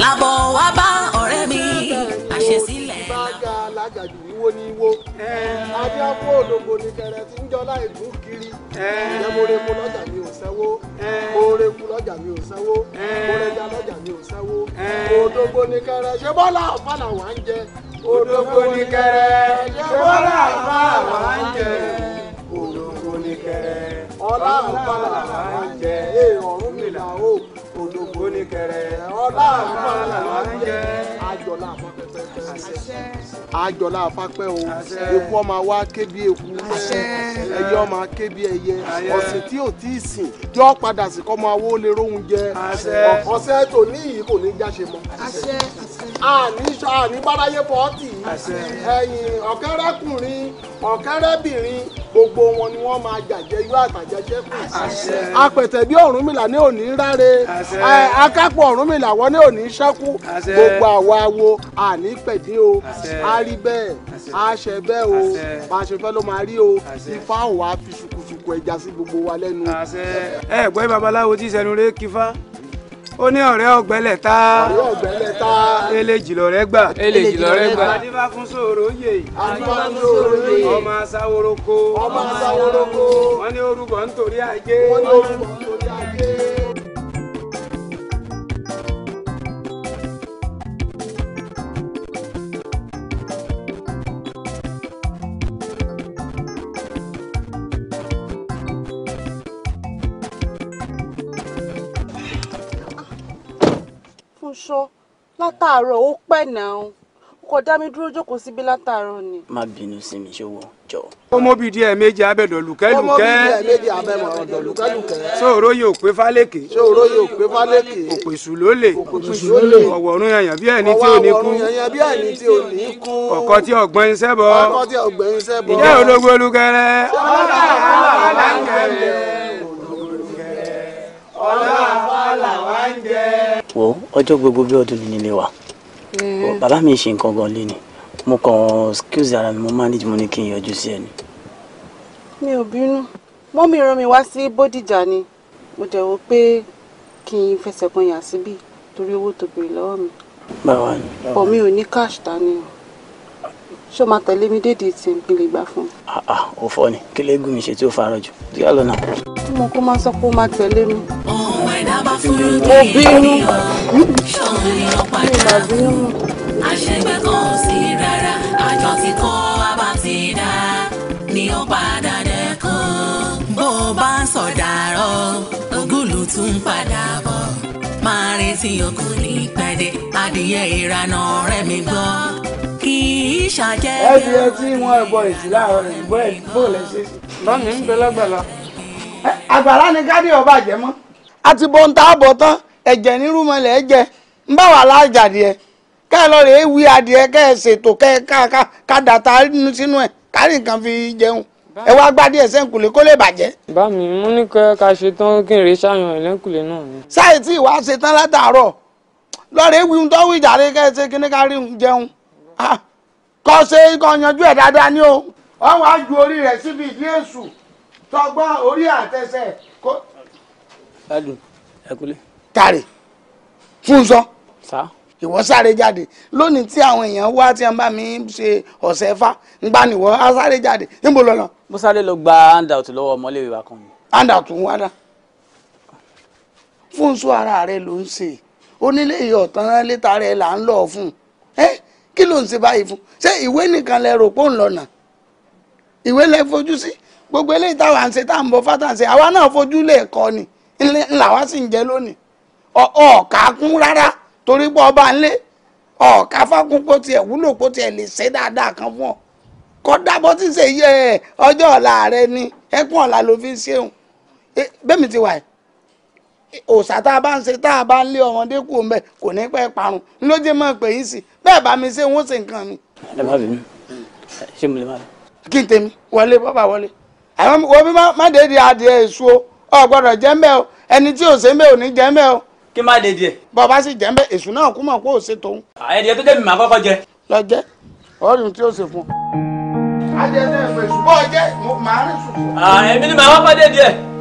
làbọ̀ wá bá ọ̀rẹ́ mi àṣesílẹ̀ alájàjù wíwó ní wó adíákó òdògbò ní kẹrẹ tí ń jọlá ìlú kiri ǹjẹ́ lọ́jà mi ò sanwó mo lọ́jà mi ò sanwó mo lọ́jà mi ò sanwó òdògbò ní kẹrẹ ṣé bọ́lá àfàlà wà ń jẹ òdògbò ní kẹrẹ ṣé bọ́lá àfàlà wà ń jẹ òdògbò ní kẹrẹ ọlá àfàlà wà ń jẹ ọ̀run mi là ó oníkẹrẹ ọlá àgbọn làwọn ń jẹ. àjọlá àfọpẹpẹ àjọlá àfapẹ o eku ọmọ wa ké bí eku ẹyẹ ọmọ ké bí ẹyẹ ọ̀sìn tí ò tí ì sìn yọ padà sí kọ́mọ awó lè róhun jẹ ọ̀sẹ̀ tòní yìí kò ní jáṣe mọ́ àníṣọ àníbáráyé pọ́ọ̀tì ẹ̀yìn ọ̀kẹ́rẹ́kùnrin ọ̀kẹ́rẹ́bìnrin gbogbo wọn ni wọ́n máa jàjẹ́ irú àtàjẹ́ ṣẹ́kù. apẹ̀tẹ̀ bí Ọ̀rúnmìlà ní òní ráre akápọ̀ Ọ̀rúnmìlà wọ́n ní òní ṣẹ́kù gbogbo àwa wo àní pẹ̀dín o a rí bẹ́ẹ̀ a ṣẹ bẹ́ẹ̀ o bá a ṣe fẹ́ ló máa rí o ifá ò wá fi ṣùkùṣùkù ẹja sí gbogbo wa lẹ́nu. ẹ ẹ gbọ́ babaláwo tí sẹnu rẹ kífá ó ní ọ̀rẹ́ ọ̀gbẹ́lẹ̀ tá ọ̀rẹ́ ọ̀gbẹ́lẹ̀ tá eléjì lọ̀rẹ́ gbà eléjì lọ̀rẹ́ gbà adíbá fún sòrò yè adíbá fún sòrò yè ọmọ asáworoko ọmọ asáworoko wọ́n ní orúkọ nítorí ajé wọ́n ní orúkọ nítorí ajé. aṣọ látàárọ̀ ó pẹ́ náà o kò dá mi dúró jókòó síbi látàárọ̀ ni. má bínú sí mi ṣòwò jọ. ọmọbi díẹ̀ méje abẹ́dọ̀ lùkẹ́ lùkẹ́. ọmọbi díẹ̀ méje abẹ́dọ̀ lùkẹ́ lùkẹ́. sóòrò yóò pé fálékè. sóòrò yóò pé fálékè. òpèsù ló lè. òpèsù ló lè. ọ̀wọ̀run yanyan bí ẹni tí ò ní kú. ọ̀wọ̀run yanyan bí ẹni tí ò ní kú. ọ̀kọ́ tí ọ̀gbọ́n wo ọjọ́ gbogbo bí ọdún nílé wa mm. bàbá mi ṣe nǹkan gan lé ni mo kàn excuse ara mi mo manage mo ní kí n yọjú sí ẹ ni. mi ò bínú mọ́mí rán mi wá sí bódìjà ni mo dẹ̀ wò pé kí n fẹsẹ̀ kan yà síbí torí owó tó béèrè lọ́wọ́ mi. báwa ni. ọ̀ mi ò ní cash tani. o ṣó máa tẹ̀lé mi dédé tí n kì í lè gbà fún. ò ah, ah, fọ ni kí lè gùn mí ṣe tí ó farọ jù tí yà lọ náà. tí mo kó máa sọ pé ó máa tẹ̀lé mi. mo bínú mi ìgbà bínú mu. àṣegbè kan sí rárá àjọ tí kò bá ti dá ni ó padà kan. bó o bá ń sọ̀dàrọ̀ ògúlù tún ń padà bọ̀ máa retí okùn pẹ́ẹ́dẹ́ adìyẹ ìranà rẹ̀ mi gbọ́ kì í ṣàjẹ́. ẹ ti ẹ tí wọn ẹ bọ èsì láàárọ̀ rẹ bó ẹ bó lẹ ṣe sí. lọ́nà ń gbé lọ́gbàlá. àgbàlá ni gádì ọba jẹ mọ́. a ti bọ́ ń ta àbọ̀ tán ẹ̀jẹ̀ ní rúmọlẹ̀ ẹ jẹ ń bá wà láàjà díẹ̀ kẹ́ ẹ lọ rè é wí adìẹ kẹ́ ẹ ṣètò kẹ́ ẹ ká ká dàtà sínú ẹ̀ kárì nǹkan fi jẹun ẹ wá gbá díẹ̀ sẹ́ǹkùlé kó lè bàjẹ́. bá mi mo ní kẹ́ ká ṣe tán kí n rè ṣàyàn ẹ̀lẹ́ǹkùlé náà ni. sáì tí ìwà ṣe tán látàárọ̀ lọ́ọ̀rẹ́ wí ń tọ́wọ́ ìjà rẹ̀ kẹ́ ẹ ṣe kíní ká rí jẹun. Ah, kọ́ ṣe nǹkan yanjú ẹ̀ dáadáa ní o wọ́n wá ju orí rẹ̀ síbi ìdí èṣù tọgbọ́n orí àtẹsẹ̀ kó. ẹdùn ẹkúlé. tàrí fún sọ. sá. ìwọ sáré jáde lónìí tí àwọn èèyàn wá tí wọn bá mi ṣe ọ̀sẹ̀ fá ńgbà níwọ á sáré jáde níbo lọ lọ. mo sáré lọ gba handout lọ́wọ́ ọmọléèwé wa kan. handout ń wá dá. fún sọ ara rẹ ló ń ṣe onílé ìyọ̀tán létà rẹ là ń lọ fún un. ẹ́ kí ló ń ṣe báyìí fún ṣé ìwé nìkan lẹ rò pé ń lọ́nà ìwé lè fojú sí gbogbo eléyìí táwa ń ṣe tá bọ fátà ń ṣe àwa náà fojú lè kọ ni ńlá wa sì ń jẹ lónìí ọ̀ọ̀ká kún rárá torí pé ọba ńlẹ̀ ọ̀ọ̀ká fákún kó tiẹ̀ wúlò kó tiẹ̀ lè ṣe dáadáa kan fún ọ kọ́ dábọ́ tí ń ṣe yẹ ọjọ́ ọ̀la rẹ ni ẹkún ọ̀la ló fi ń ṣeun bẹ́ẹ̀ mi ti wà yìí òòsà tá a bá ń ṣe tá a bá ń lé ọmọdé kù ń bẹ kò ní pẹ́ parun ló jẹ́ mọ́ pé yín sí bẹ́ẹ̀ bá mi ṣe wọ́n ṣe nǹkan mi. ẹ má bínú ṣé mo lè má bínú. kí n tèmi wọlé bọ́bà wọlé àwọn omi má dédìí adìẹ èso o gbọ́dọ̀ jẹ́ mbẹ́ o ẹni tí ò ṣe mbẹ́ ò ní jẹ́ mbẹ́ o. kí má dédìí ẹ. bàbá sì jẹ́ mbẹ́ èso náà kú mọ̀ pé ò ṣe tòun. ẹdìyẹ tó débi mà kọ́kọ́ jẹ. lọ jẹ ọrùn tí ó ṣe fún ọ. adìẹ náà fèsì bọ́ọ̀ jẹ́ màá rìn sùn. ẹ̀mí ni màá kọ́kọ́ dédìí ẹ.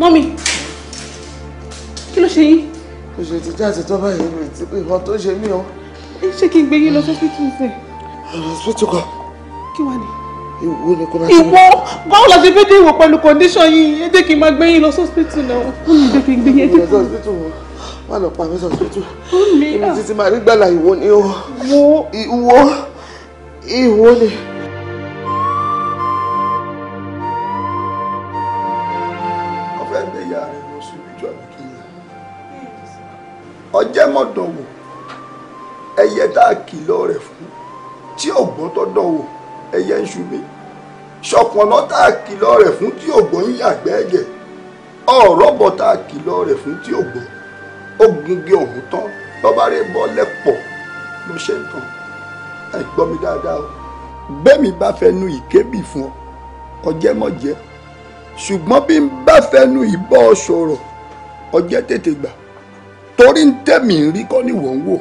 mọ́mí kí ló ṣe yín. kò ṣe ti jáde tó báyìí mi ti tó ṣe mí o. ṣé kí n gbé yín lọ sọ́sítù sẹ́. ọ̀rọ̀ sọ́tù kan. kí wàá ní. ìwọ ni kò máa ṣe. ìwọ báwo la ṣe fẹ́ dé ìwọ pẹ̀lú condition yìí ẹ jẹ́ kí n máa gbé yín lọ sọ́sítù náà. ó ní jẹ́ kí n gbé yín ẹ jẹ́ kí n lọ sọ́sítù wà pa mí sọ́sítù. ó ní à. títí máa rí gbàlà ìwọ ni o. ìwọ ìwọ ni. ọ̀pọ̀nà tá a kìlọ̀ rẹ̀ fún tí ògbọ́n ń yàgbẹ́ ẹ̀jẹ̀ ọ̀rọ̀bọ̀ tá a kìlọ̀ rẹ̀ fún tí ògbọ́n ó gungi ọ̀hún tán lọ́ba rẹ̀ bọ́ lẹ́pọ̀ ló ṣe ń tàn ẹ̀ gbọ́ mi dáadáa o gbẹ́mi bá fẹnu ìkébì fún ọ ọjẹ́ mọ̀jẹ́ ṣùgbọ́n bí n bá fẹnu ìbọ́ sọ̀rọ̀ ọjẹ́ tètè gbà torí ń tẹ̀mí rí kọ́ ni wọ́n ń wò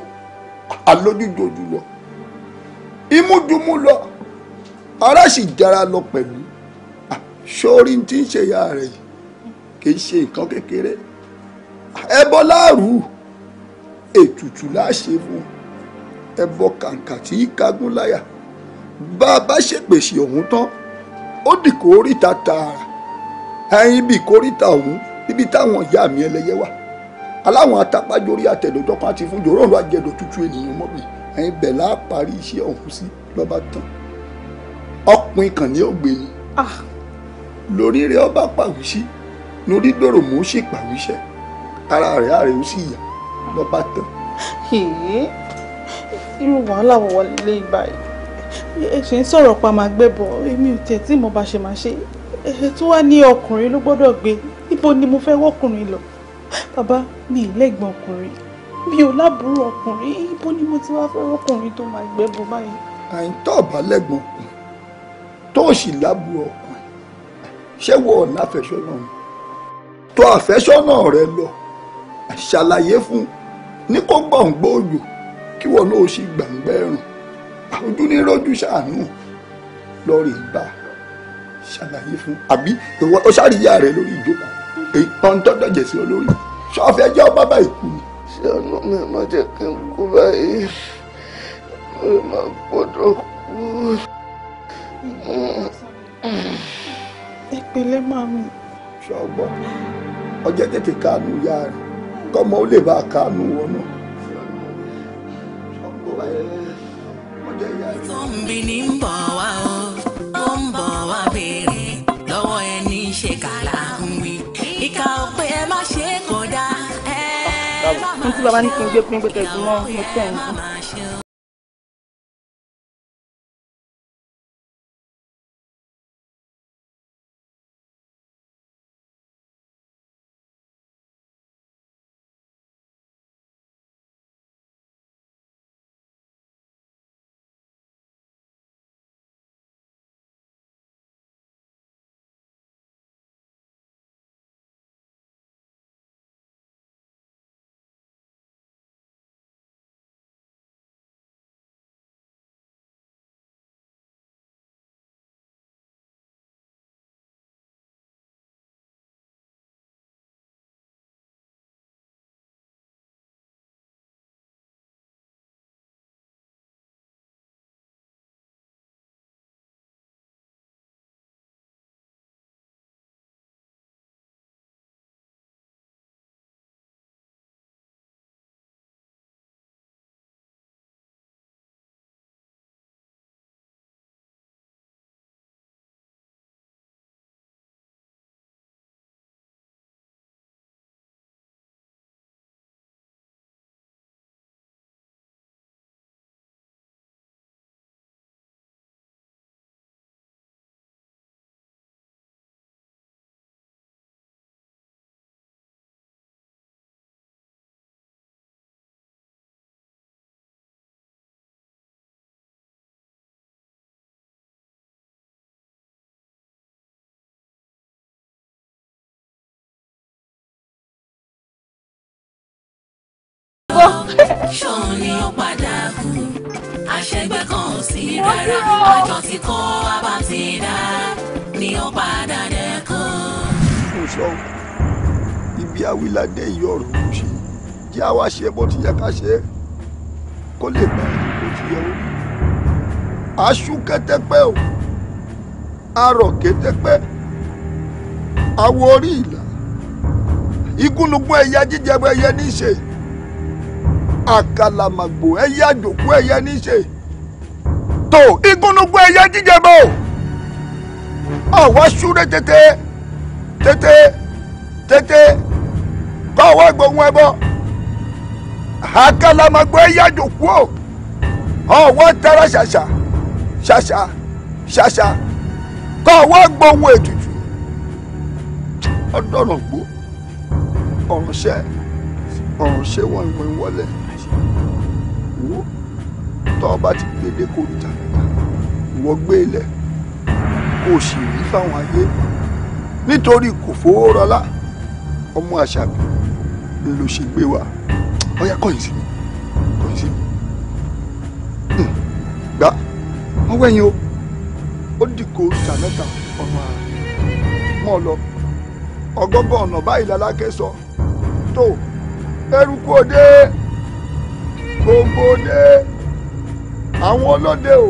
alójúdojú lọ imúdùmú lọ ara sì jára lọ pẹ̀lú sórí tí ń ṣe ìyá rẹ̀ yìí kì í ṣe nǹkan kékeré ẹbọ láàrú ètùtù láṣẹ fún ẹbọ kàǹkà tí í kagún láyà bá a bá ṣèpèsè ọ̀hún tán ó dì kórìíta tààrà ẹyin bíi kórìíta ọ̀hún níbi táwọn ìyá mi ẹlẹ́yẹ wà aláwọn atapájórí àtẹ̀dọ̀dọ̀ kan ti fún jòrò tútù ènìyàn mọ́bì ẹyin bẹ̀ láà parí iṣẹ́ sí lọ́ba tán ọ̀pìn kàn ní ògbéni. ah lórí rẹ̀ ọba pàwíṣí lórí dòrò mò ń ṣe pàwíṣẹ́ ara rẹ̀ àrẹ ó sì yà lọ́ba tán. irú wàhálà wọ̀ wọlé báyìí ẹ ṣe ń sọ̀rọ̀ pa máa gbẹ́bọ̀ èmi ò tẹ̀ tí mo bá ṣe máa ṣe ẹ tó wá ní ọkùnrin ló gbọ́dọ̀ gbé níbo ni mo fẹ́ wọ́kùnrin lọ bàbá mi ìlẹ́gbọ̀n ọkùnrin mi ò lábúrò ọkùnrin ibo ni mo ti wá fẹ́ wọ́kùnrin tó máa gbẹ́bọ̀ báyìí. àìntọ́ ọ̀bálẹ́gbọ̀n tó sì lábúrò ọkùnrin ṣé wọ ọ̀nà àfẹ́sọ́nà ni tọ àfẹ́sọ́nà rẹ lọ ṣàlàyé fún ní kó gbọ̀ngbọ̀ òjò kí wọn náà sì gbàǹgbẹ́ ẹ̀rùn ojú ní rọ́jú ṣàánú lọ́ọ̀rì bá ṣàlàyé fún àbí ìwọ ó ṣàríyá rẹ lórí ìjókòó èyí kan tó dọ̀jẹ̀ sí ọ lórí ṣé ọ fẹ́ jẹ́ ọ bábà ìkú ni. ṣé ọ̀nà mi máa jẹ́ kí n kú báyìí mo máa gbọ́dọ̀ kú. Mm-hmm ẹ pẹ̀lẹ́ màmí. ṣọgbọ́n ọjọ́ tètè kánú ya rẹ̀ kọ́mọ ó lè bá a kánú wọn náà. tó ń bí ní ń bọ̀ wá o ó ń bọ̀ wá béèrè lọ́wọ́ ẹni ṣe kàlà ń wí. ìka ò pé ẹ má ṣe é kódà ẹ má má ṣe é kódà. mo ti bàbá ní kí n gbé pínpín kẹ̀kẹ́ mọ́ mo tẹ̀ ń bọ̀. gbọ́. ṣọ́ọ̀n ni ó padà kú àṣẹgbẹ́ kan sí rárá àjọ tí kò bá ti dá ni ó padà dẹ́kun. kò sọ ibi awilade ìyọ ọ̀rọ̀ kò sí jẹ́ àwa ṣe bó ti yẹ ká ṣe kó lè gbà kó ti yẹ wọ́n. aṣú kẹtẹpẹ o arọ kẹtẹpẹ awọ orí ìlà igúnnugún ẹyà jíjẹ ẹyẹ ní í ṣe yìí àkàlàmàgbò ẹyẹ àjòkú ẹyẹ níṣe tó igúnnugún ẹyẹ jíjẹbọ àwa súré tètè tètè tètè kọ́ ọwọ́ ìgbóhùn ẹbọ àkàlàmàgbò ẹyẹ àjòkú ọwọ́ tara ṣàṣà ṣàṣà ṣàṣà kọ́ ọwọ́ gbóhùn ètùtù ọdọ́nà gbó ọ̀rànṣẹ́ ọ̀rànṣẹ́ wọ̀nyí wọlé ṣe wò ó tọ́ ọba ti gbélé kórìtà ìwọ gbé ilẹ̀ kó o sì rí fáwọn ayé nítorí kò fowó rọlá ọmọ àṣàbí ni ló ṣe gbé wa ọyá kọ̀yìn sí mi kọ̀yìn sí mi hmm, gbá wọn wẹ̀yìn o ó dìkò ìta mẹ́ta ọ̀nà mọ́ ọ lọ ọgọ́gọ́ ọ̀nà báyìí lalákẹ́ sọ tó eruku òde gbogbo dé àwọn ọlọ́dẹ o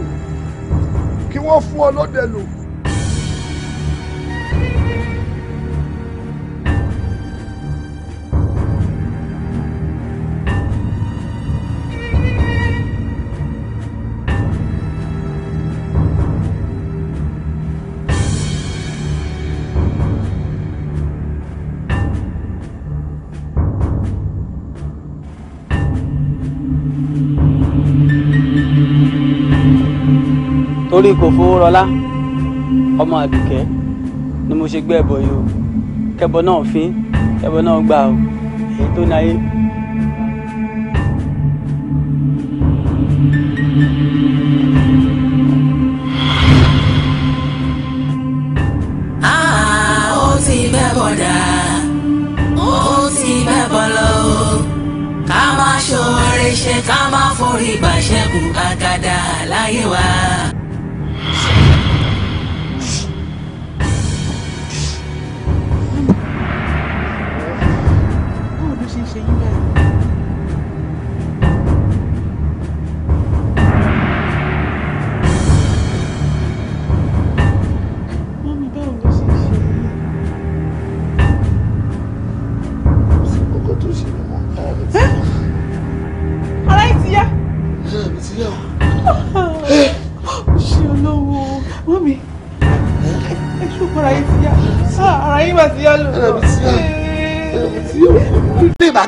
kí wọ́n fún ọlọ́dẹ lò. torí kò fowó rọlá ọmọ àdùkẹ́ ni mo ṣe gbé ẹbọ yìí o kẹbọ náà fín kẹbọ náà gbà o èyí tó náyé. Ah, ṣe ká má forí bàṣẹ́kù àgàdà láyé wa.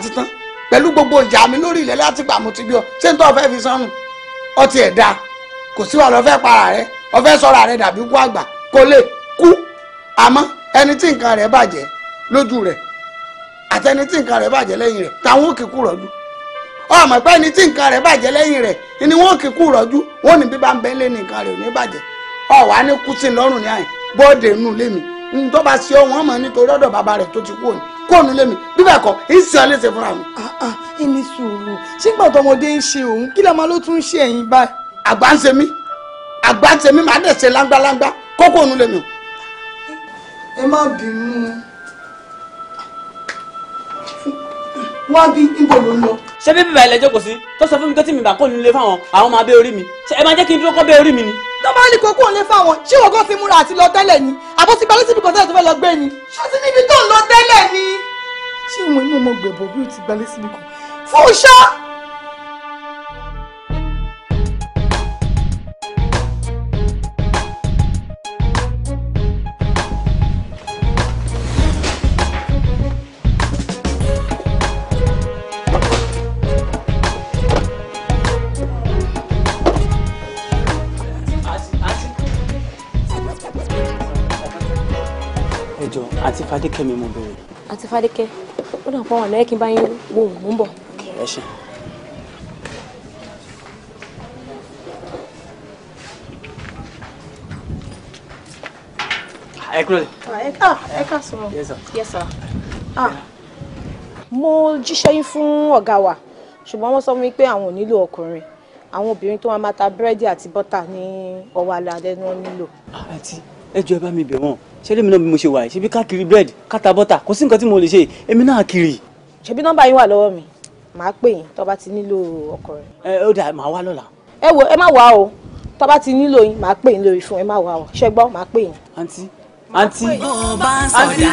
ti tán pẹ̀lú gbogbo ìjà mi lórí ilẹ̀ láti gbà mo ti bí ọ ṣé n tó fẹ́ fi sánù ọtí ẹ̀ dáa kò sí wàá lọ fẹ́ para rẹ o fẹ́ sọ̀rọ̀ rẹ dàbí kú àgbà kò lè kú àmọ́ ẹni tí nǹkan rẹ̀ bàjẹ́ lójú rẹ̀ àtẹni tí nǹkan rẹ̀ bàjẹ́ lẹ́yìn rẹ̀ táwọn òkè kú rọ́jú ọmọ pé ẹni tí nǹkan rẹ̀ bàjẹ́ lẹ́yìn rẹ̀ ni wọ́n òkè kú rọ́jú wọ́n ní bí bá ń bẹ́ lé nǹkan rẹ̀ ò ní bàjẹ́ ọ̀wá ní kú sí lọ́rùn ní àyìn bọ́ọ̀dẹ̀ nù lémi ń tọ́ sí ọ wọ́n mọ̀ nítorí ọ̀dọ̀ bàbá rẹ̀ tó ti kú òní kó ònú lé mi bí bẹ́ẹ̀ kọ́ ń sìn ọ́ léṣe fúnra mi. Ah, ah, ẹni sùúrù sígbà tọmọdé ń ṣe òun kí la máa ló tún ṣe ẹ̀yìn báyìí. àgbà ń ṣe mí àgbà ń ṣe mí màá dẹ̀ ṣe láńgbáláńgbá kó kó ònú lé ẹ má bínú wá bí ibo ló ń lọ ṣé bíbí bàá ilẹ̀ jókòó sí tó sọ fún mi pé tí mi bá kó nílé fáwọn àwọn máa bẹ orí mi ṣé ẹ máa jẹ́ kí n dúró kọ́ bẹ orí mi ni. tó bá ní kókó òun lé fáwọn ṣé wọn kò ti múra àti lọ tẹ́lẹ̀ ni àbó ti balẹ̀ síbi kan tẹ́lẹ̀ tó fẹ́ lọ gbé ni. ṣé ti níbi tó ń lọ tẹ́lẹ̀ ni. ṣé ìwọ̀n inú ọmọ gbẹ̀bọ̀ bí ó ti balẹ̀ síbi kan fún ṣá. Fádékẹ́ mi mo bẹ̀rẹ̀. àti Fádékẹ́ ó dàn pọ̀ wọn lẹ́yìn kí n bá yín wo òun mú bọ̀. ẹ ṣe. ẹ kúrò. Ah, ẹ ká sọ. yes sir. Ah. mo jíṣẹ́ yín fún ọ̀gá wa ṣùgbọ́n wọ́n sọ fún mi pé àwọn ò nílò ọkùnrin àwọn obìnrin tó máa ma ta búrẹ́dì àti bọ́tà ní ọwọ́ alẹ́ àdẹ́nu wọn nílò. àti ah, ẹ jọ ẹ bá mi bẹ̀ wọ́n ṣebí mi náà bí mo ṣe wà yìí ṣebí ká kiri bírèdì ká ta bọ́tà kò sí nǹkan tí mo lè ṣe èmi náà kiri. ṣebí nọ́mbà yín wà lọ́wọ́ mi màá pè yín tó ti nílò ọkọ rẹ. ẹ ó dà màá wá lọ́la. ẹ wo ẹ má wá o tó bá ti nílò yín màá pè yín lórí fún ẹ má wá o ṣé gbọ́ màá pè yín. àǹtí àǹtí àǹtí.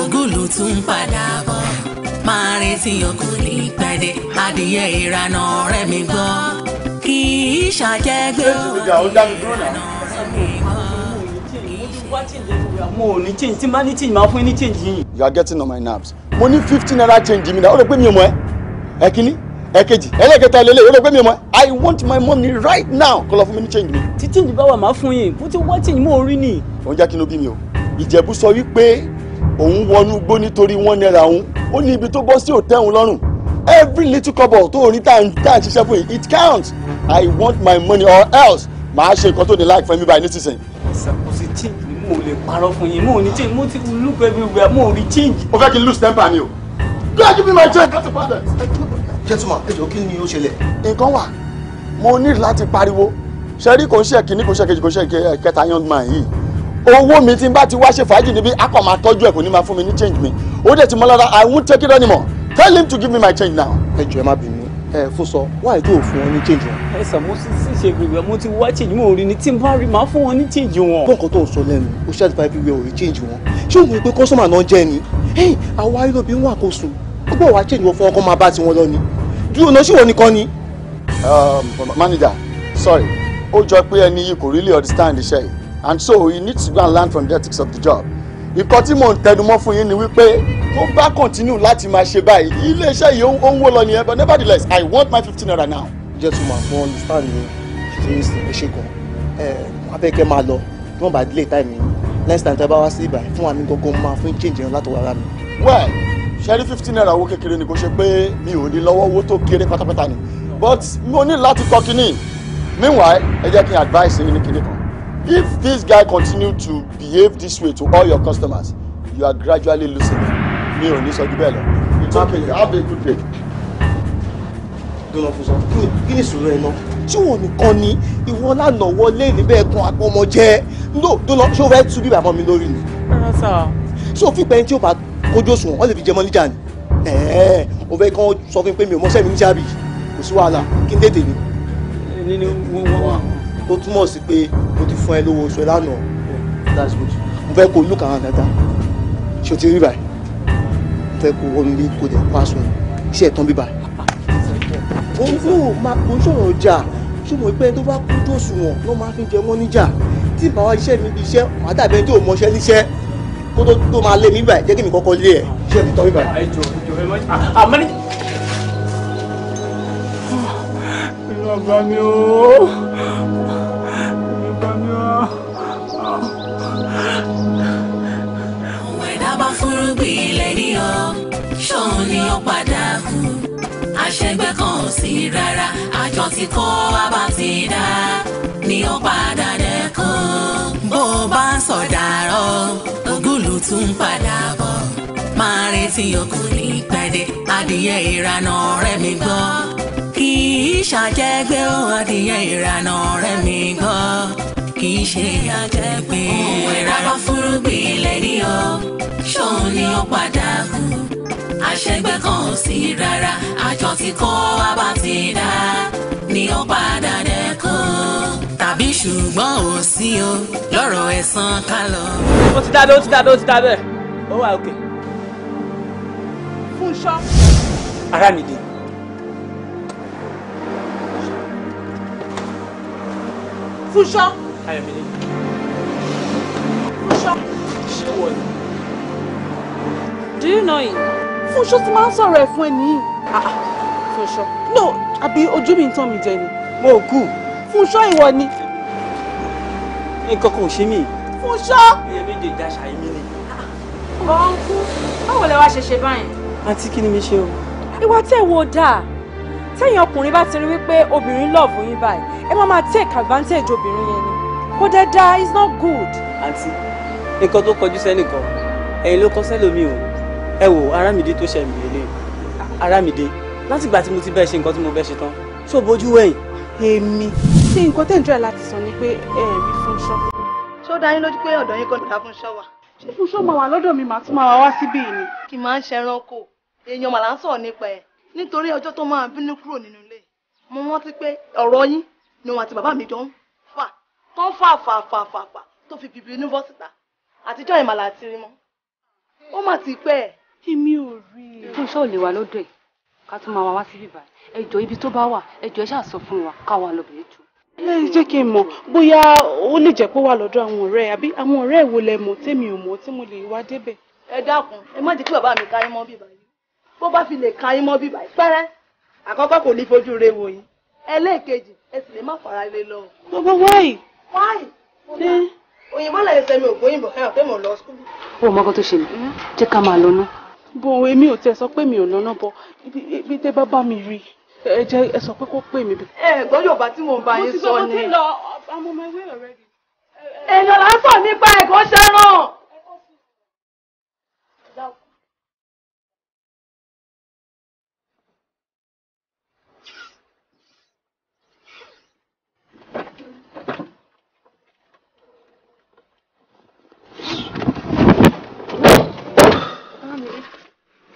ogun ló tún padà bọ̀ máa retí ọkùnrin you are getting on my nerves Money ní fifty naira change me. náà ó mi ò mọ ẹ ẹ kíní ẹ̀kejì ẹlẹ́kẹta lélẹ̀ mi mọ́ i want my money right now kó lọ fún change mi. tí change bá wà máa fún yín bó ti wá change mò ń ni. òun jẹ́ kí mi o ìjẹ̀bú sọ wípé òun wọnú gbó nítorí wọ́n náírà òun ó ní ibi tó bọ́ sí òtẹ́ òun every little cobble tó orin tá à ń ṣiṣẹ́ fún it counts i want my money or else màá ṣe nǹkan tó ní láì fún mi báyìí nísinsìnyí. ṣàkóso change mo lè parọ́ fún yín mo ní change mo ti look everywhere mo rí change. o fẹ́ kí lose temper ni o. bẹ́ẹ̀ you mi máa jẹ́ ìkàtí padà. gentleman ẹ jọ̀ọ́ kí ni ó ṣẹlẹ̀. nǹkan wà mo ní láti pariwo ṣẹ́rí kò ń ṣe kìíní kò ń ṣe kejì kò ń eh, young man yìí owó mi tí n bá ti wá ṣe fàájì níbí a kàn máa tọ́jú ẹ̀ kò ní máa fún mi ní change mi ó dẹ̀ ti mọ́ lára i won't take it anymore tell him to give me my change now. ẹ jọ̀ọ́ ẹ má bínú ẹ fún sọ wáyé tó fún wọn ní change wọn. ẹ sà mo ti ṣe gbègbè mo ti wá change mo rí ni tí n bá rí màá fún wọn ní change wọn. bọ́ọ̀kọ́ tó sọ lẹ́nu o ṣe àdìfà ibi wẹ̀ ò rí change wọn ṣé o mọ̀ pé kọ́sọ́mà náà jẹ́ ni àwa ayélujára ń wà kó sùn gbọ́ wá change wọn fún ọkọ máa bá tiwọn lọ ni dúró náà ṣé wọn nìkan ni. Um, manager sorry ó jọ pé ẹni yìí kò really understand iṣẹ́ yìí and so he needs to go and learn from the ethics of the job nǹkan tí mò ń tẹnumọ́ fún yín ni wípé tó bá continue láti máa ṣe báyìí iléeṣẹ́ yìí ó ń wó lọ nìyẹn but nevertheless i want my fifteen naira now. gentleman mo understand you ṣe é sìn ẹ ṣe gan ẹ wọn fẹ́ kẹ́ máa lọ bí wọ́n bá delay time yìí next time tí a bá wá sí ibà fún wa ní gangan máa fún change yẹn látọwọ́ ara mi. well ṣẹ́rí fifteen naira owó kékeré ni kò ṣe pé mi ò ní lọ́wọ́ owó tó kéré pátápátá ni but mo ní láti kọ́ kínní meanwhile ẹ jẹ́ kí n advice yín ní kínní kan If this guy continue to behave this way to all your customers, you are gradually losing me on this ní It's okay, have a good day. Dọ́là Fúnṣọ́, kí ni ìṣòro ẹ náà? Tí wọn nìkan ni ìwọ lánàá wọlé níbẹ̀ kan àpò ọmọ jẹ́. No, Dọ́là, ṣé o fẹ́ tú bí bàbá mi lórí ni? Rárá sá. Ṣé o fi pẹ́yìn tí o bá kójú òṣùwọ̀n, wọ́n lè fi jẹ mọ́ níjà ni? Ẹ̀ẹ́, o fẹ́ kán sọ fún mi pé mi ò mọ́ṣẹ́ mi níjà bì. Kò sí wàhálà, kí n tètè ni. Ẹni ni wọ́n wà ó túmọ̀ sí pé mo ti fún ẹ lówó oṣù ẹ lánàá that's good mo fẹ́ kó look around dáadáa ṣé o ti rí báyìí mo fẹ́ kó wọnú ilé kó dẹ̀ pass wọn iṣẹ́ ẹ̀ tán bíbá. òun yóò máa kó sọ̀rọ̀ ọjà ṣùgbọ́n ìpẹ́ tó bá kú tó sùnwọ̀n ló máa fi jẹ wọ́n níjà tí bàbá iṣẹ́ mi bí iṣẹ́ màá tí ò mọṣẹ́ níṣẹ́ kó tó tó máa lé mi báyìí jẹ́ kí mi kọ́kọ́ lé ẹ̀ iṣẹ́ mi tán bíbá. Ah, ah, bàbá fúrúgbìn ilẹ̀ ni ọ́ ṣóun ni ó padà kú àṣẹgbẹ́ kan ò sí rárá àjọ tí kò abá ti dá ni ó padà dẹ́kun bó o bá sọ̀dàrọ̀ ògúlù tún padà bọ̀ máa retí ọkùnrin pẹ́ẹ́dẹ́ adìyẹ ìranà ọ̀rẹ́ mi gbọ́ kì í ṣàjẹgbẹ́ ó adìyẹ ìranà ọ̀rẹ́ mi gbọ́ kì í ṣe àjẹpé. òun ẹ̀rá bá fúrúgbìn ilẹ̀ ní ọ ṣóun ni ó padà kú. àṣẹgbẹ́ kan ò sí rárá àjọ tí kò wá ti dá ni ó padà dẹ́kun. tàbí ṣùgbọ́n ò sí o lọ́rọ̀ ẹ̀san ká lọ. ó ti dábẹ́ ó ti dábẹ́ ó ti dábẹ́ ó wà òkè. Fúnṣọ́. ara mi dé. Fúnṣọ́. Ayọ̀mídé. Do you know him? Fúnṣọ́ man, máa ń sọ̀rọ̀ ẹ̀ fún ẹ nìyí. Ah, ah, Fúnṣọ́. No, àbí ojú mi ń tàn mí jẹ ni. Mo kù. Fúnṣọ́ ìwọ ni. Nǹkan kan ò ṣe mí. Fúnṣọ́. Ìyẹn méje dáṣà yìí mi ni. Ọ̀nkú, báwo lẹ wá ṣe ṣe báyìí? Àǹtí kí ni mi ṣe o? Ìwà tẹ̀ wo dáa? Tẹ̀yìn ọkùnrin bá ti rí wípé obìnrin lọ́ọ̀fù yín báyìí, ẹ máa máa take advantage obìnrin yẹn ni kò dẹ̀ da it's not good. àǹtí nǹkan tó kọjú sẹ́nìkan ẹ̀yin ló kọ́ sẹ́lómi o ẹ wò Arámidé tó ṣẹ̀ mí lélẹ̀ Arámidé látìgbà tí mo ti bẹ́ẹ̀ ṣe nǹkan tí mo bẹ́ẹ̀ ṣe tán ṣó bójú ẹ̀yìn èmi. ṣé nǹkan tẹ̀ ń jọ́ ẹ láti sọ ni pé ẹ rí Fúnṣọ́. ṣó dá yín lójú pé ọ̀dọ̀ yín kọ́ ló dá Fúnṣọ́ wà. ṣé Fúnṣọ́ máa wà lọ́dọ̀ mi màá tún máa wá wá síbí ni. kì í máa ń ṣẹranko èèyàn màlá ń sọ̀rọ̀ nípa ẹ̀ nítorí ọjọ́ tó máa bínú kúrò nínú ilé mo rántí pé ọ̀rọ̀ yín ni òun àti bàbá mi jọ ń tó ń fà fà fà fà fà tó fi bìbì inú bọ́ síta àtijọ́ ìmàlà àti rímọ́ ó mà ti pẹ́ ẹ̀. èmi ò rí i. fún iṣẹ́ òlè wa lọ́dọ̀ ẹ̀ ká tún máa wá wá síbí báyìí ẹjọ́ ibi tó bá wà ẹjọ́ ẹ ṣáà sọ fún wa káwa lọ bẹ̀rẹ̀ jù. ẹ jẹ́ kí n mọ̀ bóyá ó lè jẹ́ pé wà lọ́dọ̀ àwọn ọ̀rẹ́ àbí àwọn ọ̀rẹ́ ìwo lẹ mọ̀ tèmi ò mọ̀ tí mo lè wá débẹ̀. ẹ dákun ẹ má di kí bàbá mi ká yín mọ́ bíbá yìí bó bá fi lè ká yín mọ́ bíbá yìí pẹ́rẹ́ àkọ́kọ́ kò ní fojú re wò yín ẹlẹ́ẹ̀kejì ẹ sì lè má fara lé lọ. bàbá wáyìí why. Eh? òyìnbó lẹ́yìn sẹ́mi ò gbóyìnbó ẹ̀ ọ̀pẹ́ mọ̀ lọ sukúlù. ó mọ ọkọ tó ṣe mí hmm? jẹ́ ká máa lọ náà. bó èmi ò tiẹ̀ sọ pé mi ò lọ náà bọ ibi tẹ́ bá bá mi rí ẹ jẹ́ ẹ sọ pé kó pè mí. ẹ gbọ́ Yorùbá tí mo bá yín sọ ni. mo ti sọ mo ti lọ I'm on my way already. èèyàn lásán nípa ẹ̀kọ́ ṣẹ́ràn.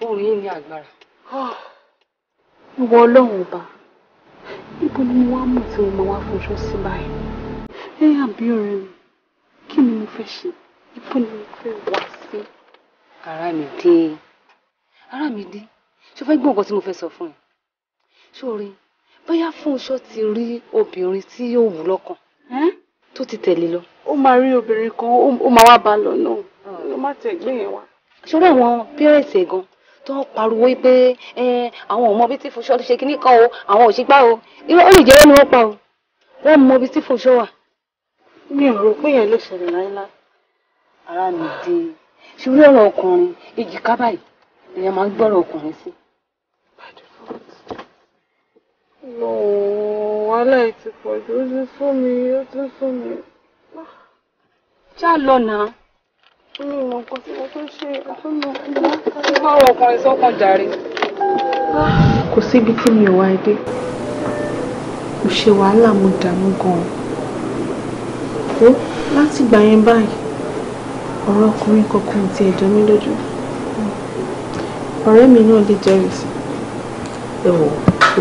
orin yìí ní agbára. ìwọ ọlọ́run ọba níbo ni mo wá mọ̀ tí mo máa wá fọṣọ sí báyìí ẹ àbí ọ̀rẹ́ mi kí ni mo fẹ́ ṣe ibo ni mo fẹ́ wá sí. ara mi dé ara mi dé ṣé o fẹ́ gbọ́ nǹkan tí mo fẹ́ sọ fún ẹ ṣóore bóyá Fúnṣọ́ ti rí obìnrin tí yóò wù lọ́kàn tó ti tẹ̀lé lọ ó máa rí obìnrin kan ó máa wá bá lọ náà ló ah. má tẹ̀ yẹn wá sórí àwọn pírẹ̀sì gan tó ń pariwo pé àwọn ò mọ bí tí fúnṣọ́ ti ṣe kíní kan o àwọn ò ṣígbà o irọ́ ó lè jẹ́wọ́ ni wọ́n pa o wọ́n mọ bí tí fúnṣọ́ wà. mi ò rò pé yẹn lè ṣẹlẹ̀ láíláí ara mi di ṣùgbọ́n ọ̀rọ̀ ọkùnrin èjìká báyìí èèyàn máa ń gbọ́rọ̀ ọkùnrin sí. lọ wàhálà ìtìpọ̀jù ó ti sún mi ó ti sún mi. já lọ náà mi mọ̀ nǹkan tí mo tó ṣe àfẹ́mi ọkùnrin. báwo ọkùnrin sọ́kàn jàre. kò síbi tí mi ò wá dé mo ṣe wàhálà mo dààmú gan-an ó láti gbà yẹn báyìí ọ̀rọ̀ ọkùnrin kankan ti ẹ̀jọ́ mi lójú ọ̀rẹ́ mi náà lè jẹ́rìí sí. ẹ wò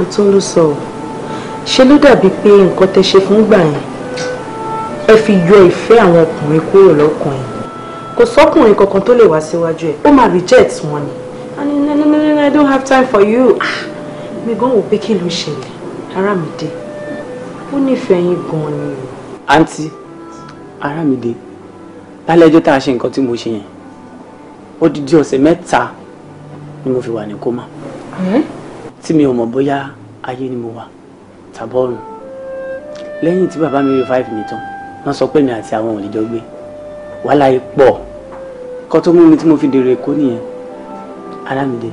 ó tún ló sọ ọ ṣe ló dàbí pé nǹkan tẹ ṣe fún gbà yẹn ẹ fi yọ ìfẹ́ àwọn ọkùnrin kúrò lọ́kàn yìí kò sọ́kùnrin kankan tó lè wá síwájú ẹ̀ ó máa reject wọn ni I don't have time for you ah! mi gan wò pé kí ló ṣẹlẹ̀ Aramide ó nífẹ̀ẹ́ yín gan ni. àǹtí Aramide lálẹ́ ọjọ́ tá a ṣe nǹkan tí mo ṣe yẹn ó dídí ọ̀sẹ̀ mẹ́ta ni mo fi wà ní kómà tí mi ò mọ̀ bóyá ayé ni mo wà tàbọ̀rùn lẹ́yìn tí bàbá mi revive mi tán wọ́n sọ pé mi àti àwọn ò lè jọ gbé wàhálà yìí pọ̀ kan mú mi tí mo fi dèrò èkó nìyẹn alámìdé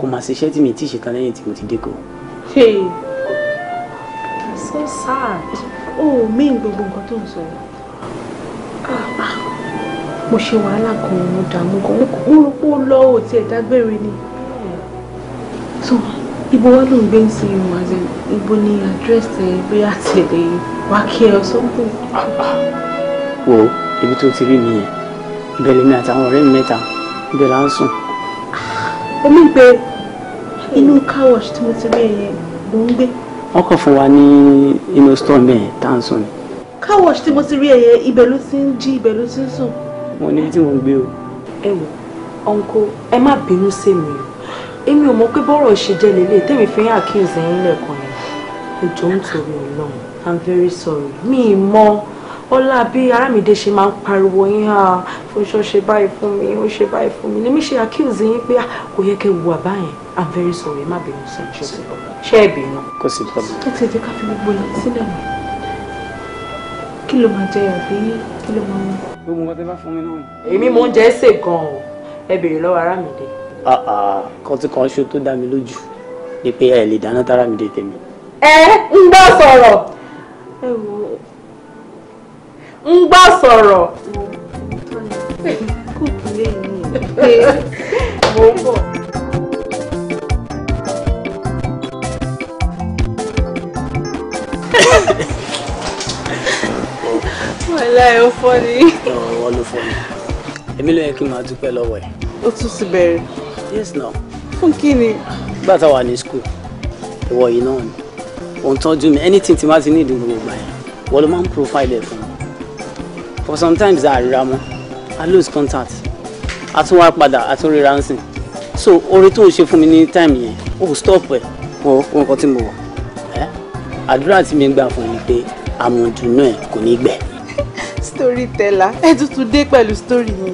kò máa ṣiṣẹ́ tí mi ti ṣetán lẹ́yìn tí mo ti dẹ́kọ̀. so sad o ò mí gbogbo nǹkan tó ń sọ ah, ah. mo ṣe wàhálà gan-an mo dààmú gan-an mo rò pé ó lọ ò tiẹ̀ dágbére ni so ibo wá ló ń gbé sí i wà zẹ ibo ni address ẹ bóyá tẹ̀lé wákẹ́ or something. Ah, wo ibi tó ti rí nìyẹn bẹ́ẹ̀ lèmi àtàwọn ọ̀rẹ́ mi mẹ́ta bẹ́ẹ̀ là sùn. Ah, omi gbé inú car wash tí mo ti rí ẹyẹ ló ń gbé. wọ́n fún wa ní inú store mẹ́ẹ̀ tá à ń sùn car wash tí mo ti rí ẹyẹ ibẹ̀ ló ti ń jí ibẹ̀ ló ti ń sùn. mo ní tí mo gbé o. ẹ wò ọ̀nkò ẹ má bínú sí mi o èmi ò mọ̀ pé bọ́rọ̀ ṣe jẹ́ lélẹ̀ tèmi fi ń àkíyèsí yín lẹ́ẹ̀kan yẹn ìjọ ń torí ọlọ́run i'm very sorry mi ì mọ̀ ọlá bí arámìdé ṣe máa ń pariwo yín ha fúnṣọ ṣe báyìí fún mi ó ṣe báyìí fún mi lèmi ṣe accuse yín pé kò yẹ kẹ́ wùwà báyẹn i'm very sorry má bínú sí ṣe sí ṣe é bínú. kò sí problem. ẹ tètè ká fi gbogbo lọ sílẹ̀ mi kí ló máa jẹ àbí kí ló máa mú. gbogbo nǹkan tẹ bá fún mi náà. èmi mò ń jẹ ṣe gan o ẹ béèrè lọ́wọ́ arámìdé. kan tí kan ṣo tó dá mi lójú ni pé ẹ lè dáná tárámìdé tèmi. ẹ ń gbọ́ sọ̀rọ̀. ẹ wo ń gbà sọ̀rọ̀. kùkù lè ní pé mo bọ̀. wàhálà ẹ̀ ń fọ́ ni. ọ̀wọ́ ló fọ́ mi èmi ló yẹ kí n máa dúpẹ́ lọ́wọ́ ẹ̀. ó tún ti bẹ̀rẹ̀. yes na. fún kí ni. nígbà táwa ní school ìwọ yìí náà ni òun tán dùn mí anything tí má ti ní ìdìbò gbà yẹn wọ́n ló máa ń profile ẹ̀ fún for sometimes àríra mọ́ i lose contact a tún wá padà a tún ríra ń so oore tó ń ṣe fún mi ní time yẹn o stop ẹ̀ wọ nǹkan tí mo wọ̀ ẹ́ àdúrà tí mi gbà fún mi pé àmọ̀dùnú ẹ̀ kò ní gbẹ. story teller ẹ tuntun dé pẹ̀lú story mi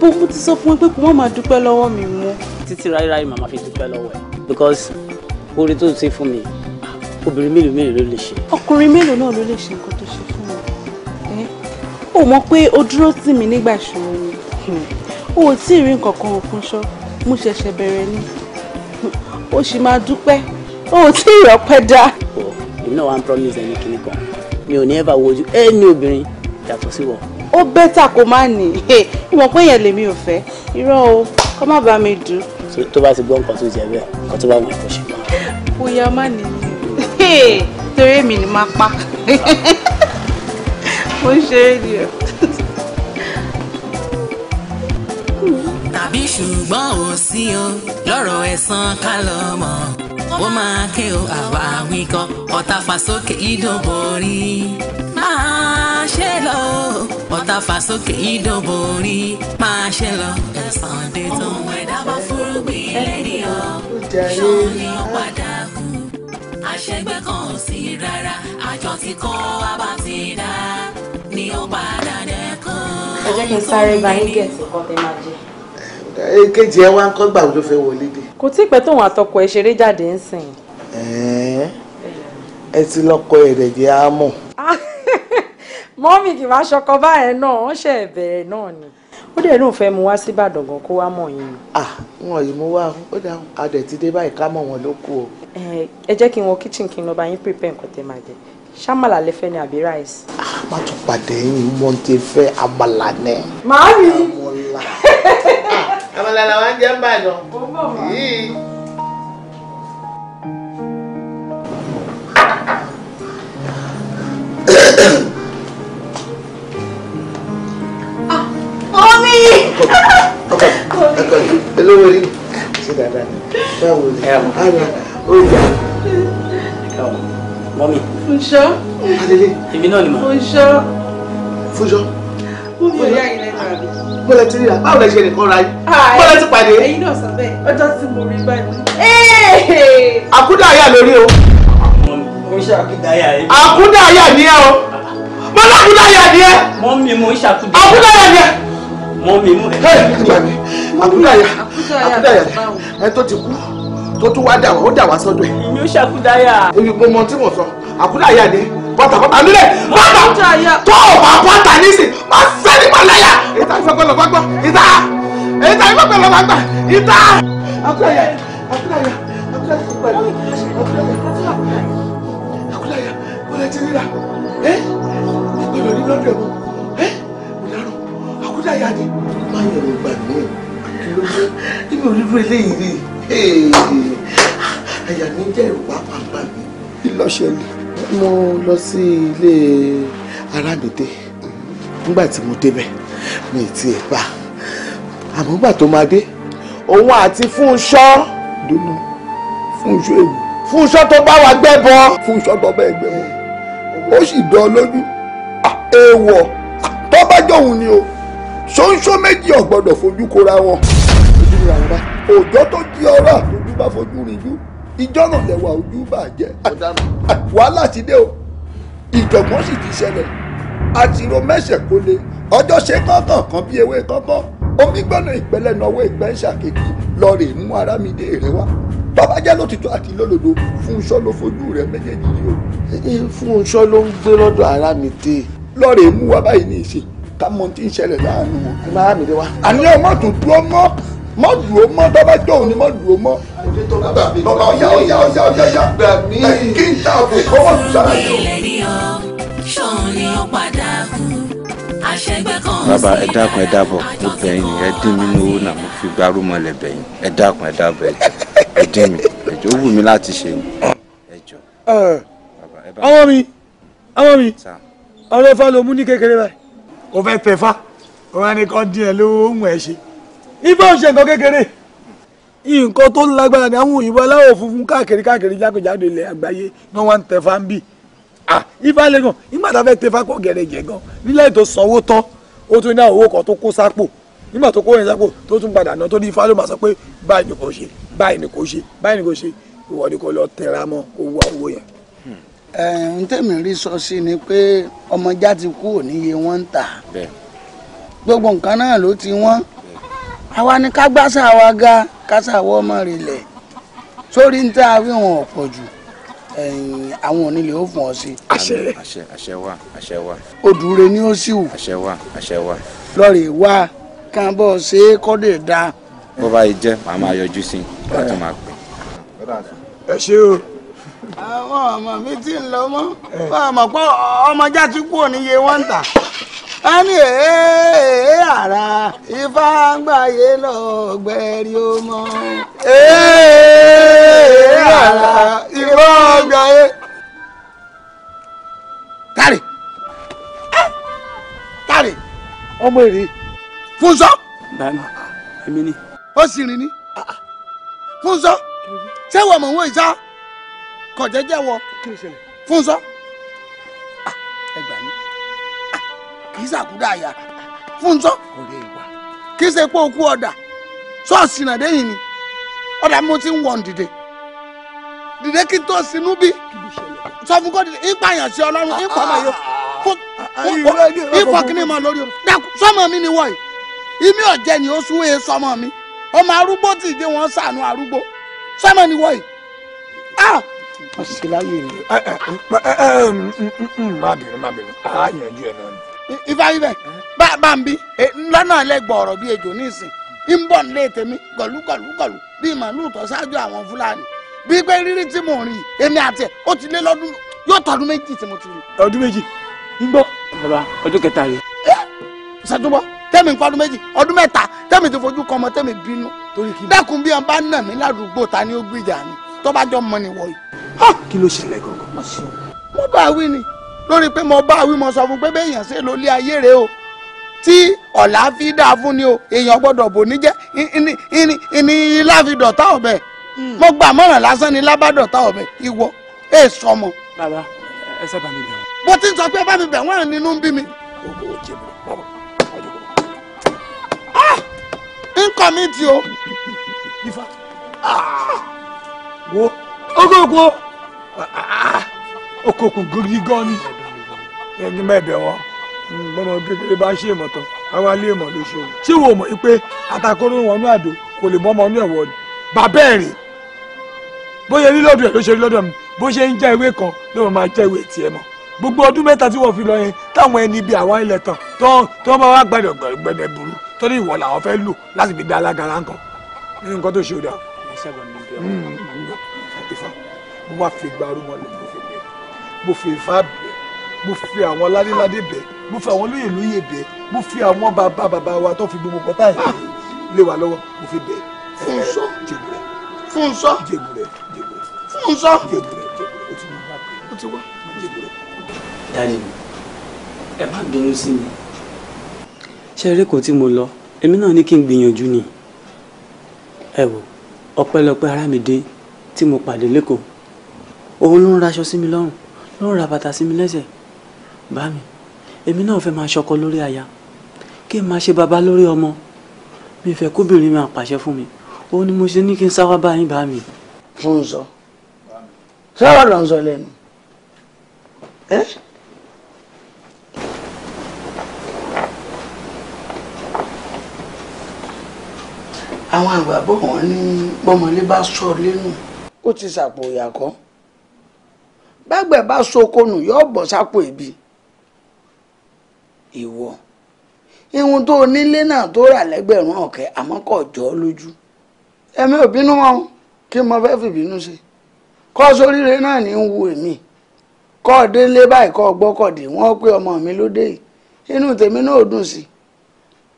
bó mo ti sọ fún ẹ pé kò má máa dúpẹ́ lọ́wọ́ mi mú. títí ráríra yìí màmá fi dúpẹ́ lọ́wọ́ ẹ̀ because oore tó ń ṣe fún mi obìnrin mélòó mélòó ló lè ṣe. ọkùnrin mélòó náà ló lè ṣe nǹkan tó ṣe ó mọ̀ pé o dúró tì mí nígbà ìṣòro ni o ò tí ì rí nǹkan kan òkun ṣọ mo ṣẹ̀ṣẹ̀ bẹ̀rẹ̀ ni o hmm. sì máa dúpẹ́ o ò tí ì rọ́pẹ́ dá. èmi náà wà promise any kìíní kan mi ò ní ever wojú ẹni obìnrin yàtọ̀ sí wọ. ó bẹ́tà kó má nì í ìmọ̀ pé yẹn lèmi ò fẹ́ irọ́ o kó má bá mi dùn. tó bá ti gbọ́ nǹkan tó jẹ bẹ́ẹ̀ kó tó bá wọn ìfọ̀ṣẹ́. bóyá má nìyí torí èmi ni máa pa. Ah mo ṣe é ṣùgbọ́n ò sí o lọ́rọ̀ ẹ̀sán ká lọ mọ̀ ó máa ké o àwa wíkọ́ ọ̀tá fàsókè ìdòbò máa ṣe lọ ọ̀tá fàsókè ìdòbò máa ṣe lọ ẹ̀sán dé tó. ohun ẹ̀dá bá fúrúgbìn lẹ́nìyàn ṣọ́ọ́ ni ó padà kú àṣegbẹ́ kan ò sí rárá àjọ tí kò abàtì dá ni ó padà dẹ́kun. ẹ jẹ́ kí n sáré gba nígẹ̀tì kan tẹ́ máa jẹ. èkejì ẹ wá ń kọ́ gbà ló fẹ́ wọlé dé. kò tí ì pẹ́ tóun àtọkọ ẹ̀ ṣeré jáde ń sìn. ẹ ti lọkọ ẹ̀rẹ̀ jẹ́ àmọ̀. mọ́mì kì máa ṣọkọ báyẹn náà wọ́n ṣe ẹ̀bẹ̀rẹ̀ náà ni ó dẹ̀ lóun fẹ́ mu wá síbàdàn gan kó wá mọ̀ yín. ah wọn yìí mú wá ó dá adẹ̀ ti dé báyìí ká mọ̀ wọn ló kú o ẹ jẹ́ kí n wọ kitchen kí n lọ bá yín prepare nǹkan tẹ́ máa jẹ ṣámàlà lẹ fẹ́ ni àbí rice. má tún pàdé yín mo ti fẹ́ àmàlà nẹ. màá mi. àmàlà làwọn jẹ́ ń bàdàn. ó bọ̀ mọ́. olórí ṣe dáadáa báwo ni ara ó yà ká wọn mọ́mí. Fúnṣọ́. Adélé. Èmi náà ni mà. Fúnṣọ́. Fúnṣọ́. Mọ́mí yá yín lẹ́nu àbí. Bọ́lá ti ríra, báwo lẹ ṣe nìkan ra yín? Ah, Bọ́lá ti pàdé. Ẹ̀yin náà sọ bẹ́ẹ̀, ọjọ́ tí mo rí báyìí. Àkúdàáyà lórí o. Mo ń ni ẹ o. Mo ní àkúdàáyà ni ẹ. Mọ́mí mo ń ṣe àkúdàáyà. Àkúdàáyà ni ẹ. Mọ́mí mo. Àkúdàáyà. Àkúdàáyà. Ẹ tó ti kú tó tún wá dà wá ó dà wá sọ́dọ̀ ẹ̀. ìyó ṣàkúdáyà. èmi kò mọ tí mo sọ àkúdáyà ni bàtà bàtà nílẹ̀ bàtà tó o bá bàtà nísìn má sẹ́ni má láyà. ìta ìfọ̀gbọ́n lọ́ba gbọ́ ìta ìta ìfọ̀gbọ́n lọ́ba gbà ìta. àkúdáyà àkúdáyà àkúdáyà àkúdáyà àkúdáyà wọlé ti ríra ẹ ìgbàlódé ní lọ́dọ̀ ẹ̀mọ́ ẹ ìlànà àkúdáyà ni. má yẹ̀rù gbàgbé kí ló dé ibi òdúdú eléyìí rí àyà mi jẹ́ ìwà àgbà mi. ìlọ́ṣẹ̀lẹ̀ mo lọ sí ilé Arámídé nígbà tí mo débẹ̀ mi ì tiẹ̀ bá àmọ́ nígbà tó máa dé òun àti Fúnṣọ́ dúnú Fúnṣọ́ èwù. Fúnṣọ́ tó bá wa gbẹ́ bọ. Fúnṣọ́ tó bá ẹgbẹ́ bọ ó sì dán lójú èèwọ̀ tó bá jọ̀hún ni o ṣóńṣó méjì ò gbọ́dọ̀ fojú kóra wọn òjò tó jí ọ̀rá lójú bá fojú rìnjú ìjọ́ náà lẹ́wà ojú bàjẹ́ wàhálà ti dé o ìjọ̀gbọ́n sì ti ṣẹlẹ̀ àti ro mẹ́sẹ̀ kó le ọjọ́ ṣe kankan kan bí ewé kankan omi gbọ́nà ìpẹ́lẹ̀ náwó ìpẹ́ ń ṣàkejì lọ rè mú ara mi dé èrè wá bàbá jẹ́ lótìtọ́ àti lólòdò Fúnṣọ́ ló fojú rẹ̀ méjèèjì yìí o. Fúnṣọ́ ló ń gbé lọ́dọ̀ ara mi dé. lọ rè mú wa báyìí ní ìsìn ká mọ ohun tí ń ṣẹlẹ̀ láàánú wọn. ẹ máa mi dé wa. àníyàn mọ́tò dúró mọ́ mọ dùn ó mọ bàbá jọ òní mọ dùn ó mọ. bàbá ọ̀yá ọ̀yá ọ̀yá ọ̀yá ọ̀yá ẹ̀ kí n ta àbò kọ́ mọ̀ tún sára yìí o. bàbá ẹ dákun ẹ dábọ̀ mo bẹ̀ ẹ dín mi ní owó náà mo fi gbárù mọ́lẹ̀ bẹ̀ yín ẹ dákun ẹ dábọ̀ ẹ dín mi ẹjọ́ ó wù mí láti ṣe ni ọmọ mi ọmọ mi ọlọ́fà ló mú ní kékeré báyìí. o fẹ́ tẹ̀fá o wá ní kọ́ dín ẹ lówó ó mú ṣe ibà ò ṣe nǹkan kékeré nǹkan tó lágbára ni àwọn òyìnbó aláwọ̀ funfun káàkiri káàkiri jákèjádò ilẹ̀ àgbáyé náà wá ń tẹ̀fá ń bì ifá lẹ́gàn nígbà tá a fẹ́ tẹ̀fá pọ̀ gẹ̀rẹ́gẹ̀ gan nílẹ̀ ètò sanwó tán ó tún ní àwọn owó kan tó kó sápò nígbà tó kó yẹn sápò tó tún padà náà tó ní ifá ló máa sọ pé báyìí ni kò ṣe báyìí ni kò ṣe báyìí ni kò ṣe ìwọ ni kò lọ tẹra mọ́ owó owó yẹn. ẹ ń tẹ̀mí rí sọ sí ni pé ọmọjá ti kú òníye wọn ń tà gbogbo nǹkan náà ló ti wọ́n àwa ni ká gbásà wa ga kásà wọ́ ọmọ rìnlẹ̀ sórí ń tá a rí wọn ọ̀pọ̀ jù àwọn onílé ó fún ọ sí. àṣẹ àṣẹ àṣẹ wa àṣẹ wa. odùre ni ó sì wù. àṣẹ wa àṣẹ wa. lọ́ọ̀rì wa kan bọ́ ṣe é kọ́dẹ̀ da. bó bá yìí jẹ́ màá máa yọjú sí i wọ́n tún máa pè. ẹ ṣe o. àwọn ọmọ mi ti ń lọ mọ́ bá a pé ọmọ já ti kúrò níye wọ́n ń tà a ní èé àrà ifá ń gbàyè lọ gbẹ̀rí ó mọ́. èé àrà ifá ń gbàyè. tari tari ọmọ èrè fúnṣọ. bẹ́ẹ̀ni èmi ni. ó sì rìn ní ah, ah. fúnṣọ ṣé wọ́n mọ̀ wọ́n ìṣá kọ̀jẹ́jẹ́ wọ fúnṣọ. kì í sàkúdà àyà fúntọ́ ọ̀rẹ́ ìwà kì í ṣe pé okú ọ̀dà ṣọ́ọ̀ṣì náà déyìn ni ọ̀dà mo ti ń wọ̀n dìde dìde kí n tó sinú bí sọ fún kó dìde ipa yàn sí ọlọ́run ipa máa yọ ipa kìíní máa lórí o dákú sọmọ mi ni wọ̀nyí imí ọ̀jẹ̀ ni ó sún èé sọmọ mi ọmọ arúgbó ti dé wọn sànú arúgbó sọmọ ni wọ̀nyí ọsẹ láyé mi má bínú má bínú á yanjú ẹ náà ifá ibẹ̀ bá ń bí e, lọ́nà lẹ́gbọ̀ ọ̀rọ̀ bíi ejò nísìn ń bọ̀ nílé tèmi gọ̀lúgọ̀lúgọ̀lú bíi màálùú tó ṣáájú àwọn fúlàní bíi pé rírí tí mò ń rí èmi àti ẹ̀ ó ti lé lọ́dún yóò tọdún méjì tí mo ti rí. ọdún méjì ń gbọ́ bàbá ọdún kẹta rẹ. ẹ ṣàtúbọ̀ tẹ́mi nǹkan ọdún méjì ọdún mẹ́ta tẹ́mi ti fojú kọ́mọ tẹ́mi bínú dákun bí wọn bá nà mí ládùúgbò ta ni ó gbìjà mi tó bá jọ mọ ni wọ̀nyí. kí ló ṣẹlẹ̀ gangan. mo bá wí ni lórí pé mo bá wí mo sọ fún pé béèyàn ṣe ló lé ayé rẹ o tí ọ̀la fi dáa fún ni o èèyàn gbọ́dọ̀ bò ní jẹ́ ìní ilá ọ̀bẹ hmm. mo gbà mọ̀ràn lásán ni lábàdọ̀tá ọ̀bẹ ìwọ ẹ sọmọ. bàbá ẹ sábà mi bẹ̀. mo ti ń sọ pé bá mi bẹ̀ wọ́n nínú ń bí mi. nǹkan ah! mi ti o. Ah! wo ogogo ah, okokun gírí gan ni ẹni mẹ́ẹ̀bẹ̀ wọn bọ́mọ kékeré bá ń ṣe ìmọ̀tàn àwọn alẹ́ ìmọ̀ ló ṣòro ṣé wo mọ̀ pé atakóró wọnú àdó kò lè mọ́mọ́ ní ẹ̀wọ̀ ni bàbá ẹ̀ rìn bó ṣe rí lọ́dọ̀ ẹ̀ ló ṣe rí lọ́dọ̀ mi bó ṣe ń já ewé kan ló máa já ewé tiẹ̀ mọ́ gbogbo ọdún mẹ́ta tí wọ́n fi lọ yẹn táwọn ẹni bíi àwọn ilẹ̀ tán tó wọ́n bá wá gbàdọ̀ gbẹ̀dẹ̀ burú tó ní ìwọ làwọn fẹ́ lò láti fi dá alágara ńkan nínú nǹkan tó ṣe ò dà. Hmm, mo fi gba arúgbó mo fi fa bẹ́ẹ̀ mo fi àwọn ládéládé bẹ̀ mo fi àwọn lóyè lóyè bẹ̀ mo fi àwọn bàbá bàbá wa tó fi gbogbo kọtà yìí lé wa lọ́wọ́ mo fi bẹ̀ fúnṣọ́ jèbù rẹ̀ fúnṣọ́ jèbù rẹ̀ jèbù rẹ̀ fúnṣọ́ jèbù rẹ̀ jèbù rẹ̀ o ti mú wa o ti wá jèbù rẹ̀. dáre mi ẹ má bínú sí mi ṣe eré kò tí mo lọ èmi náà ní kí n gbìyànjú ni ẹ wò ọpẹ́lọpẹ́ Àràmídé tí mo pàdé lẹ́kọ̀ọ́ òun ló ń raṣọ sí mi lọ́rùn ló ń ra bàtà sí mi lẹ́sẹ̀ Bami, mi èmi náà fẹ́ máa ṣọkọ lórí aya kí n ṣe baba lórí ọmọ mi fẹ́ kóbìnrin máa pàṣẹ fún mi ó ní mo ṣe ní kí n sáwá bá yín bá mi. fún sọ sọ̀rọ̀ lọ sọ lẹ́nu ẹ́. àwọn àgbà bọ̀ ní bọ́mọlé bá sọ lẹ́nu ó ti sàpò ìyàkọ́ bàgbẹ̀ bá sokonu yóò bọ̀ sápò ìbí. ìwọ ihun tó nílé náà tó rà lẹ́gbẹ̀rún ọ̀kẹ́ àmọ́ kò jọ ọ́ lójú ẹ̀mí ò bínú wọn kí mo fẹ́ fìbínú ṣe kọ́ sóríire náà ní ń wu èmi kọ́ délé báyìí kọ́ gbọ́kọ̀dé wọ́n pé ọmọ mi ló dé yìí inú tèmi náà dùn sí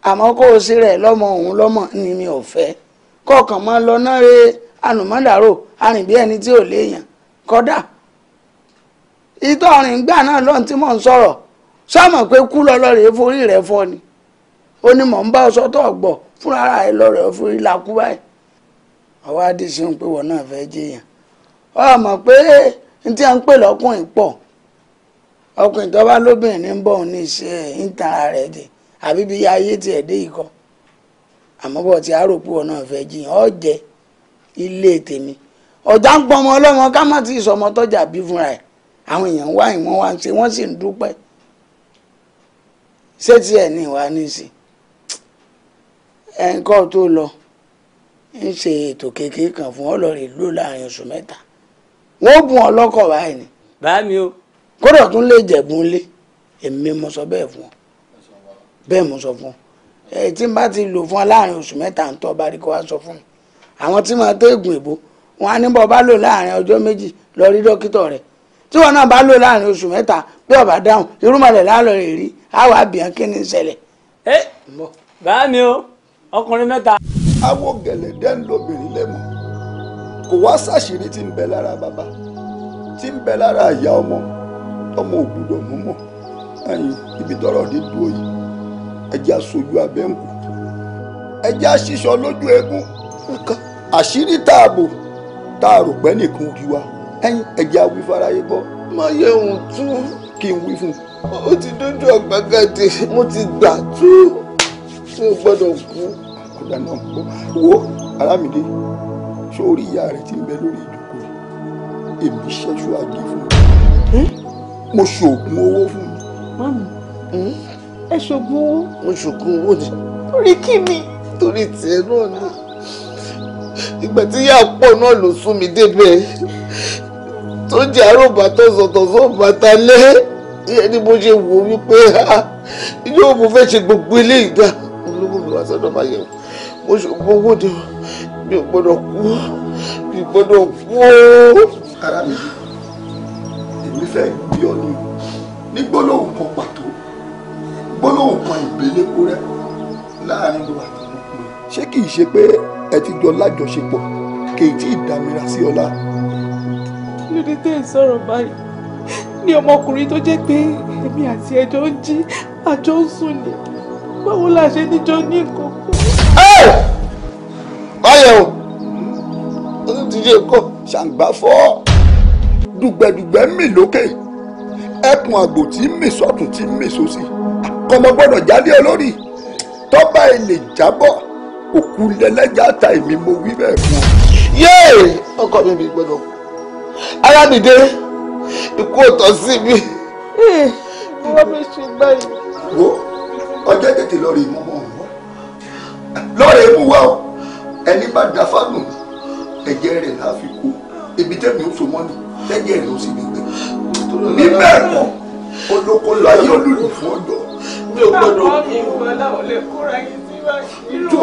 àmọ́ kó o sí rẹ̀ lọ́mọ òun lọ́mọ ni mi ò fẹ́ kọ̀ọ̀kan máa lọ náà re ànùmọ́dàrò arìnbí ẹni tí ò léèyàn kọ́dà ìtọ́ ọ̀rìn gbà náà lọ́n tí mò ń sọ̀rọ̀ sọ́mọ̀ pé kú lọ́lọ́rẹ̀ forí rẹ̀ fọ́ ni ó ní mọ̀ ń bá ọsọ gbọ̀ fúnra ara ẹ lọ́rẹ̀ forí la kú báyìí àwa dì sí ń pé wọ́n náà fẹ́ jẹyàn ọmọ pé n tí a ń pè lọ́kùnrin pọ̀ ọkùnrin tó bá lóbìnrin ń bọ̀ ní iṣẹ́ ìtara rẹ̀ dé àbí bí ayé tiẹ̀ dé ìkọ́ àmọ́ bọ̀ tí arò pé wọ́n náà fẹ́ jiyàn ọ jẹ ilé tèmi ọ̀já ń pọnmọ ọlọ́mọ ká má ti sọmọ tọ́jà bí fúnra ẹ̀ àwọn èèyàn wá ìwọ̀n wá ń ṣe wọ́n sì ń dúpẹ́ ṣé tí ẹ̀ ní ìwà ní sí ẹ̀ńkọ́ tó lọ ń ṣe ètò kékeré kan fún ọlọ́rin ìlú láàrin oṣù mẹ́ta wọ́n bùn ọ lọ́kọ̀ báyìí ni. bá mi o. kódà tún lè jẹ̀bùn lé èmi mo sọ bẹ́ẹ̀ fún ọ bẹ́ẹ̀ mo sọ fún ọ ẹ tí n bá ti lò fún ọ láàrin oṣù mẹ́ta ń tọ́ bá rí kó sọ fún mi àwọn tí máa tó ègùn ìbò wọn á ní bọ́ bá lò láàrin ọjọ́ méjì lọ rí dókítà rẹ̀ tí wọn náà bá lò láàrin oṣù mẹta bí ọba dáhùn irúmọlẹ̀ lálọ́ rẹ̀ rí àwọn àbíyàn kí ni ń ẹ bá mi o ọkùnrin mẹ́ta. awo gẹ̀lẹ́dẹ́ ń lóbìnrin kò wá sàṣírí tí ń bẹ lára bàbá tí ọmọ ibi tọrọ dúró yìí aṣojú aṣíṣọ lójú àṣírí pẹ́ nìkan ẹyin ẹ̀jẹ̀ awi faraye bọ́ má yẹ òun tú kí n wí fún un ti dójú ọ̀gbágádé mo ti gbà tú tí o gbọ́dọ̀ kú ọ̀dà náà gbọ́ wo alámìdé sórí ìyá rẹ ti ń bẹ lórí ìdókòwò èmi ṣẹ́ṣu àgbẹ̀ fún un hm? mo ṣoògùn owó fún un. mami hm? ẹ ṣoògùn owó. mo ṣoògùn owó ni. torí kí mi. torí tiẹ̀ náà ni ìgbà tí yà pọ̀ náà ló sún mi débẹ̀ tó jẹ́ àròbá tó sọ̀tọ̀ sọ bàtà lé ìyẹn ni mo ṣe wò wípé yóò mo fẹ́ ṣe gbogbo ilé ìgbà ológun mi wá sọ́dọ̀ máa yẹ̀wò mo ṣògbọ́n owó ni mi ò gbọ́dọ̀ kú mi ò gbọ́dọ̀ kú o. ara mi èmi fẹ́ bí ọ ní ní gbólóhùn kan pàtó gbólóhùn kan ìbélé kó rẹ láàrin ìlú àti ìlú. ṣé kìí ṣe pé ẹ ti jọ lájọṣepọ̀ kì í tí ì dámira sí ọlá lóde tẹ́ ẹ̀ sọ̀rọ̀ báyìí ní ọmọkùnrin tó jẹ́ pé èmi àti ẹjọ́ ń jí àjọ ń sùn ni báwo la ṣe níjọ ní nǹkan kan. báyọ̀ o ó ti yé kó ṣàǹgbá fọ́ dùgbẹ̀dùgbẹ̀ mì lókè ẹkùn àgbò tí mì sọ́tún tí mì sósì kọ́mọ gbọ́dọ̀ jálé olórí tọ́ba ẹ̀ lè jábọ̀ òkú lẹ́lẹ́jà ta èmi mo wí bẹ́ẹ̀ fún ọ. yéè ọkọ mi mi kú aládìde ikú ọ̀tọ̀ sí mi. Eh, wọ́n mi ṣe báyìí. wo ọjọ́ tètè lọ́ọ̀rẹ́ mú wọn wọ́n lọ́ọ̀rẹ́ mú wa o ẹni bá da fánù ẹ̀jẹ̀ rẹ̀ la fi kú ibi tẹ́mi ó so mọ́nù tẹ́jẹ̀ rẹ̀ ó sì gbẹgbẹ́ níbẹ̀ mọ́ olóko láyé olùdó fún ọjọ́. mi ò gbọ́dọ̀ kú. àwọn mi ìwọ lè kóra yìí ju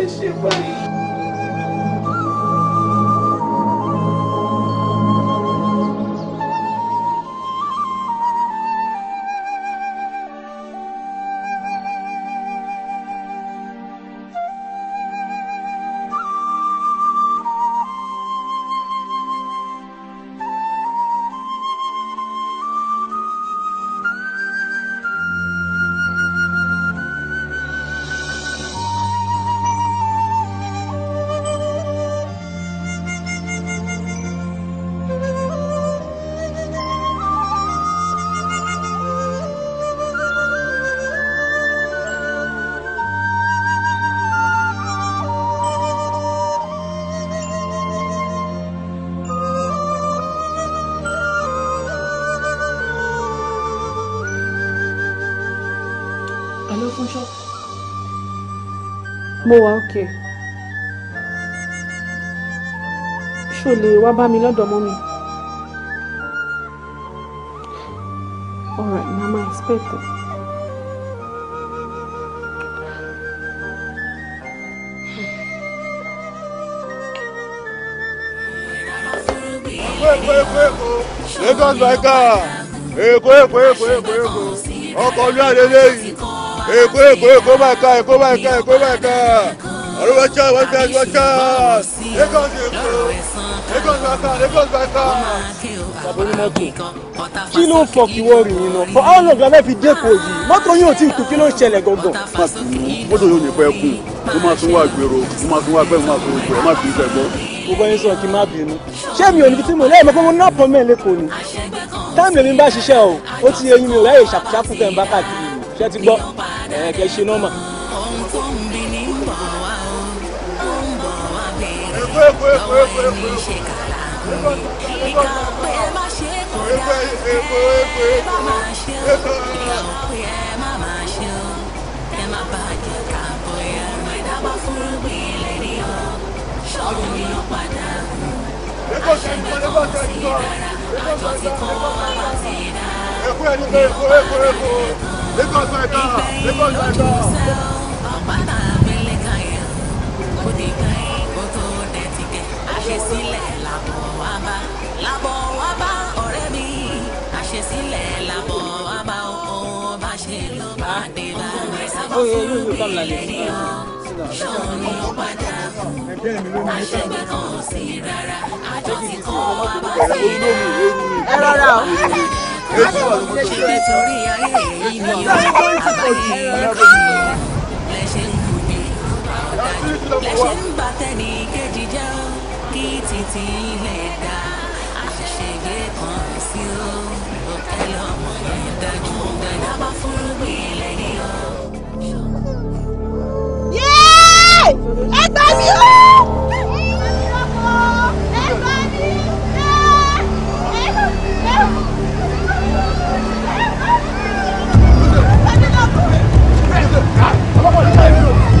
ọ̀la mo wà òkè ṣó lè wá bá mi lọ́dọ̀ mọ́ mi. All right, mama, expect it. Lagos like ah, Èkó Èkó Èkó Èkó Èkó, ọkọ̀ ojú àdélé yìí. Èkó Èkó Èkó máa ka Èkó máa ka Èkó máa ka. Ọ̀rọ̀ wọ́n ṣá wọ́n ṣá wọ́n ṣá. Lagos Èkó Lagos Bàtà Lagos Bàtà. Àbórí mọ́tò. Kí ló ń fọ kí wọ́n rìn iná? For how long la fi dẹ́kọ̀ yìí? Mọ́tò yìí ò kú kí ló ń ṣẹlẹ̀ gangan? Má sì mọ́tò yóò ní pẹ́ kù. Mo máa tún wá gbèrò, mo máa tún wá pẹ́, mo máa tún gbèrò, má fi ìfẹ́ gbọ́. Mo bọ́ yín sọ̀rọ̀ kí n má bínú. Ṣé mi ò ní fi tí mo pé mo ná pọ̀ mẹ́ẹ̀lẹ́kọ̀ọ́ ni? Táàmì lèmi bá ṣiṣẹ́ o, ó ti yẹ mi ò ráyè ṣàkúṣàkú fẹ́ bá káàkiri ṣe ti gbọ́ ẹ̀ kẹ́ ṣe nọ́mà. ohun tó ń bí ní bọ̀ wá o ó ń bọ̀ wá bẹ̀rẹ̀ lọ́wọ́ ẹni ṣe kàrà kùnrin ìka pé ẹ má ṣe kó dá ẹ bá máa ṣe o ìyá ò pé ẹ má máa ṣe o ẹ má bàjẹ́ ká bóyá rẹ̀ dábàá fúrúgbìn lẹ́ni o ṣọ́ọ̀bù mi ò padà àṣẹ̀gbẹ̀ kan ti dára àjọ ti kọ́ ọ bá ti dára ẹgbẹ́ ẹgbẹ́ ẹgbẹ́ ẹgbẹ́. Lagos Naija Lagos Naija. ọ̀pátá mi lè ka yẹn kó di ká yẹn kó tó dẹ̀ ti gẹ̀. àṣesílẹ̀ làbọ̀ wá bá làbọ̀ wá bá ọ̀rẹ́ mi àṣesílẹ̀ làbọ̀ wá bá ọ̀hún bá ṣe ló bá dé bá rẹ̀ sábà fún mi lẹ́yìn ọ̀ ṣọ́ọ̀nì padà fún àṣẹgbẹ́ kan sí rárá àjọ ti kọ́ wa bá sí náà. ẹ rọra o. Yeah! torí ayé èyí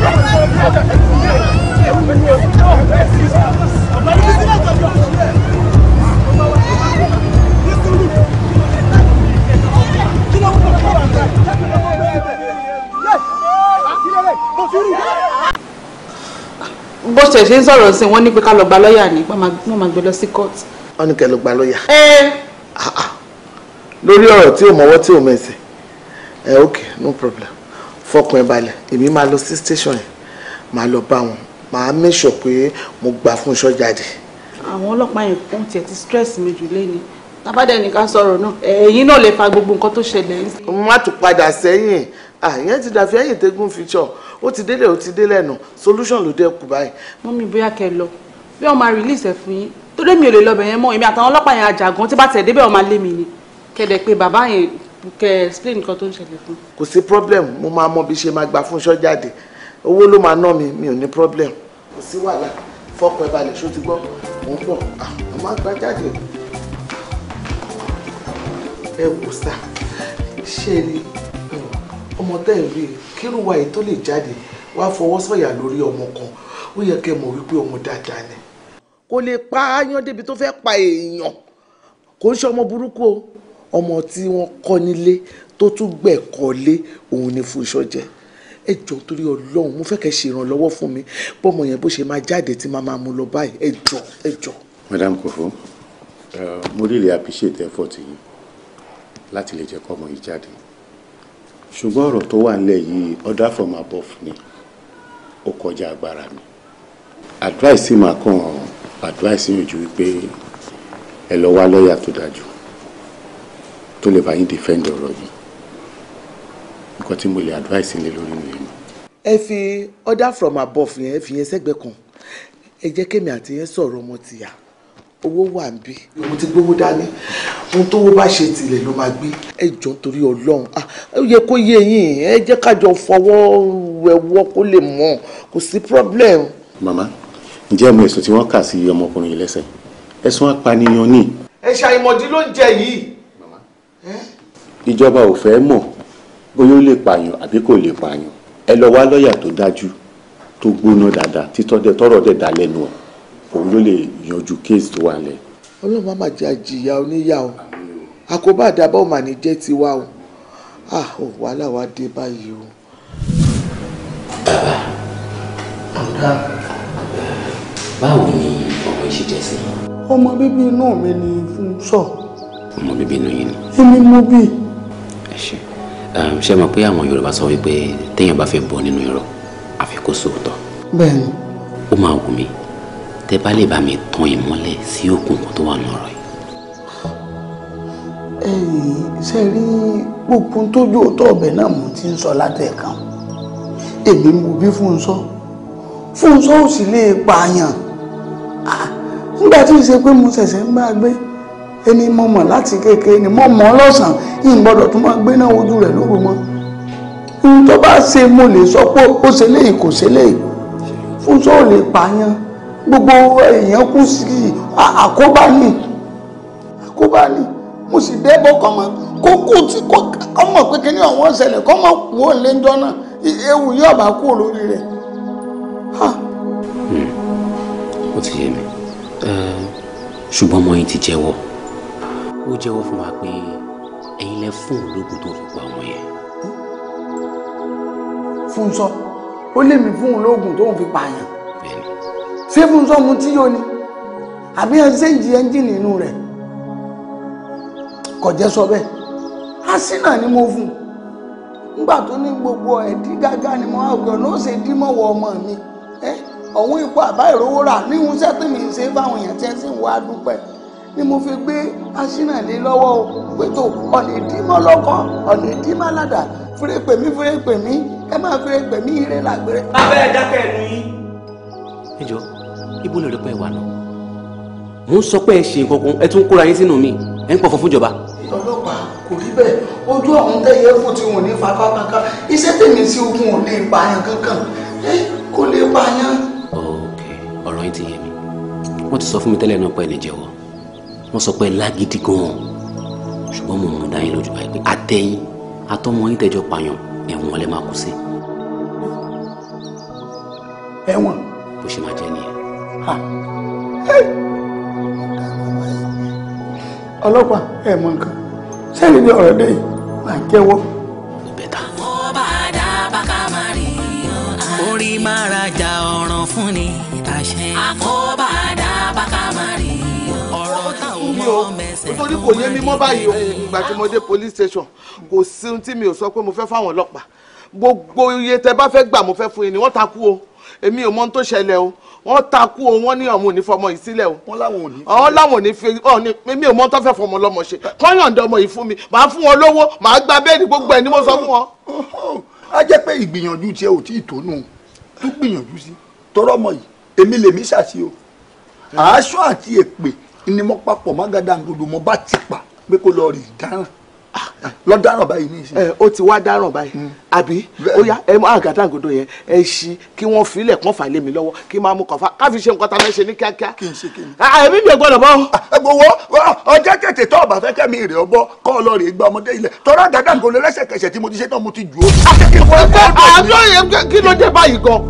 bó ṣe ṣe ń sọ̀rọ̀ sí wọn ní pé ká lọ gba lọ́ọ̀yà ni wọ́n máa gbé lọ sí court. wọ́n ní kẹ́ lọ gba lọ́ọ̀yà. Ah, ah. lórí ọ̀rọ̀ tí ò mọ̀wọ́ tí ò mẹsẹ̀ ẹ̀ ok no problem fọkàn ẹ balẹ̀ èmi máa lọ sí station yẹn máa lọ bá wọn máa make sure pé mo gbà fún iṣọ́ jáde. àwọn ọlọ́pàá yẹn kún tiẹ̀ ti stress mi jù lé ni tábàdà nìkan sọ̀rọ̀ náà ẹ̀yin náà lè fa gbogbo nǹkan tó ṣẹlẹ̀. má tún padà sẹ́yìn àyẹn ti dàbí ẹ̀yìn tẹ́gùn feature ó ti délẹ̀ ó ti délẹ̀ nù solution ló dé kù báyìí. mọ́mí bóyá kẹ lọ bí wọ́n máa release ẹ̀ fún yín torí mi ò lè lọ bẹ̀yẹn mọ́ èmi àtàwọn ọlọ́pàá yẹn àjàgàn tí bá tẹ̀ débẹ̀ wọ́n máa lé mi ni kẹ̀dẹ̀ pé bàbá yẹn kẹ́ explain nǹkan tó ń ṣẹlẹ̀ fún. kò sí problem mo máa mọ bí ṣe máa gbà fún iṣọ́ jáde owó ló máa ná mi mi ò ní problem kò sí wàhálà fọkàn ẹ balẹ̀ ṣó ti gbọ́ mò ń bọ̀ àwọn máa gbà jáde ẹ wò sá ṣe ni ọmọ tẹ́ ẹ̀ rí kírùwà yìí tó lè jáde wá fọwọ́ sọ̀yà lórí ọmọ kan ó yẹ kẹ́ mọ̀ wípé ọmọ dáadáa ni. kò lè pa áyán débi tó fẹ́ pa èèyàn kò ń ṣe ọmọ burúkú o ọmọ tí wọ́n kọ́ nílé tó tún gbẹ̀kọ́ lé òun ni Fúnṣọ́ jẹ́ ẹ jọ torí Ọlọ́run mo fẹ́ kẹ́ ṣe ìrànlọ́wọ́ fún mi bọ́mọ yẹn bó ṣe máa jáde tí màá máa mú lọ báyìí ẹ jọ madam Kofo mo really appreciate effort yìí láti lè jẹ́ kọ́ ọmọ yìí jáde ṣùgbọ́n ọ̀rọ̀ tó wà nílẹ̀ yìí order from above ni ó kọjá agbára mi advice sì máa kàn advice yìí ju wípé ẹ lọ wá lọ́ọ̀yà tó dájú tó lè bá yín defend ọ̀rọ̀ yìí nǹkan tí mo lè advice lé lórí nìyẹn. ẹ fi order from above yẹn fi yẹn sẹ́gbẹ̀ẹ́ kan ẹ jẹ́ kémi àti yẹn sọ̀rọ̀ ọmọ tìyà owó wà ń bí. mo ti gbówó dání ohun tó wó bá ṣe tilẹ̀ ló máa gbé. ẹ jọ torí Ọlọ́run ẹ ah, yẹ kó yé yín ẹ jẹ́ kájọ fọwọ́ wẹ̀wọ́ kó lè mọ̀ kò sí problem. màmá ǹjẹ́ mo ẹ̀sùn tí wọ́n kà sí ọmọkùnrin yìí lẹ́sẹ̀ ẹ̀sùn apànìyàn ni. ẹ̀ṣà ìmọ̀dí ló ń jẹ yìí ìjọba ò fẹ́ mọ̀ bóyá ó lè pààyàn àbí kò lè pààyàn ẹ lọ wá lọ́ọ̀yà tó dájú tó gbóná dáadáa títọ́ tọrọ dẹ̀ dá lẹ́nu ọ̀ òun ló lè yanjú kéèsì tó wà lẹ̀. ọlọ́run má má jẹ́ àjìyà oníyà o àkóbá àdàbọ̀ mà ní jẹ́ tiwa o ah ò wàhálà wa dé báyìí o. ọ̀dà báwo ni ọmọ ìṣèjẹsí. ọmọ bíbí inú mi ni fún sọ. So ọmọ bíbí inú yín ni. èmi mo bí. ẹ ṣe ṣe mọ̀ pé àwọn Yorùbá sọ wípé téèyàn bá fẹ́ bọ́ nínú irọ́ àfi kó sòótọ́. bẹ́ẹ̀ni. ó máa wù mí tẹ́ bá lè bá mi tan ìmọ́lẹ̀ sí òkùnkùn tó wà lọ́rọ̀ yìí. ẹyìn ṣe rí gbogbo tójú òótọ́ ọ̀bẹ náà mo ti ń sọ látẹ̀kan èmi mo bí Fúnṣọ́ Fúnṣọ́ ò sì lè pààyàn nígbà tí ì ṣe pé mo ṣẹ̀ṣẹ̀ ń bá a gbé ẹni mo mọ̀ láti kékeré ni mo mọ̀ lọ́sàn-án yìí gbọ́dọ̀ tún máa gbéná ojú rẹ̀ lóru mọ́ ohun tó bá ṣe mo lè sọ pé ó ṣe léyìí kò ṣe léyìí fún sọ lè pààyàn gbogbo èèyàn kú sí àkóbá ni àkóbá ni mo sì dẹ́bọ̀ kọ́mọ kó kú tí kọ́ mọ̀ pé kíní ọ̀wọ́n ṣẹlẹ̀ kọ́ mọ̀ kú ó lé jọ náà ewu yóò bá kú lórí rẹ̀. Hmm. ó ti yé mi ṣùgbọ́n ọmọ yìí ti jẹ́wọ́ ó jẹ́wọ́ fún wa pé ẹ̀yin lẹ fún ológun tó fi pa ọmọ yẹn. Fúnṣọ́ ó lé mi fún ológun tó ń fi pààyàn ṣé Fúnṣọ́ mu tí yóò ní àbí ẹ ṣe ń jí ẹ́ńjìnì inú rẹ̀ kò jẹ́ sọ bẹ́ẹ̀ asínà ni mo fún un nígbà tó ní gbogbo ẹ̀dí gágá ni mo á gbọ́ ló ṣe dí mọ́wọ́ ọmọ mi ọ̀hún ipò àbá ìrówó rà níhun sẹ́tìmì ń ṣe fáwọn èèyàn tí ẹ sì ń wá dúpẹ́ ni mo fi gbé aṣínàlé lọ́wọ́ o pẹ̀tọ́ ọ̀nà ìdímọ̀ lọ́kọ́ ọ̀nà ìdímọ̀ ládà fúrépè mí fúrépè mí ẹ máa fúrépè mí ire làgbére. abẹ́rẹ́ dákẹ́ ẹnu yín. ẹ jọ ibo lè rí pẹ́ wà náà mo ń sọ pé ẹ ṣe nǹkan kan ẹ tún kóra yín sínú mi ẹ ń pọ̀ fún fúnjọba. ọlọ́pàá kò rí bẹ́ẹ̀ ojú ọ̀hún tẹ́yẹ fún ti wọn ní fapá kankan iṣẹ́ tèmi sí ogun ò lè pààyàn kankan ẹ kò lè pààyàn. ok ọ̀rọ̀ yín ti yé mi wọ́n ti sọ fún mi tẹ́lẹ̀ náà pé jẹ́wọ́ wọ́n sọ pé lágídí gan-an ṣùgbọ́n mo mú dáyé lójú báyìí pé àtẹ̀yìn àtọmọ yín tẹjọ pààyàn ẹ̀wọ̀n lẹ máa kú sí. ẹ̀wọ̀n. bó ṣe máa jẹ nìyẹn. ọlọ́pàá ẹ̀ mọ nǹkan sẹ́yìn ní ọ̀rọ̀ dé máa jẹ́wọ́. ìbẹ̀ta. mo máa rí i. orí máa rajà ọ̀ràn fún ni àṣẹ. àkóbá ni o nítorí kò yé mi mọ́ báyìí o ìgbà tí mo dé police station kò sí ohun tí mi ò sọ pé mo fẹ́ fáwọn ọlọ́pàá gbogbo iye tẹ bá fẹ́ gbà mo fẹ́ fún yín ni wọ́n takú o èmi ò mọ ohun tó ṣẹlẹ̀ o wọ́n takú o wọ́n ní ọmọ òní fọmọ yìí sílẹ̀ o wọ́n láwọn òní ọ̀hún láwọn òní fi ọ̀hún èmi ò mọ tó fẹ́ fọmọ lọ́mọ ṣe kọ́yàn dọmọ yìí fún mi màá fún wọn lówó màá gba bẹ́ẹ̀ni gbogbo ẹ̀ ni mo sọ fún wọn. a jẹ́ pé ìgbìyànjú tiẹ̀ ò tí ì tónú tó gbìyànjú sí tọrọ mọ yìí èmi lèmi ṣàṣì o àásọ àti èpè ni mo papọ̀ má gàdàǹgodo mo bá ti pa pé kó lọ rí dáràn ah, lọ dáràn báyìí ní ìsìn. ẹ ó ti wá dáràn báyìí hmm. àbí ó yá ẹ máa gàdàǹgodo yẹn ẹ ṣí kí wọ́n filẹ̀ kán fà lé mi lọ́wọ́ kí máa mú kọfà káfi ṣe nǹkan tá a fẹ́ ṣe ní kíákíá. kí n ṣe kí n. Ah, ẹbí mi ò gbọ́dọ̀ bọ́. Ah, gbowó ọjọ́ tètè tó ọ̀bà fẹ́kẹ́ mi rè ọbọ̀ kọ́ lọ rè gba ọmọdé ilẹ̀ tọ́lá gàdàǹgodo lẹ́sẹ̀kẹsẹ̀ tí mo ti ṣe tán mo ti jù ó.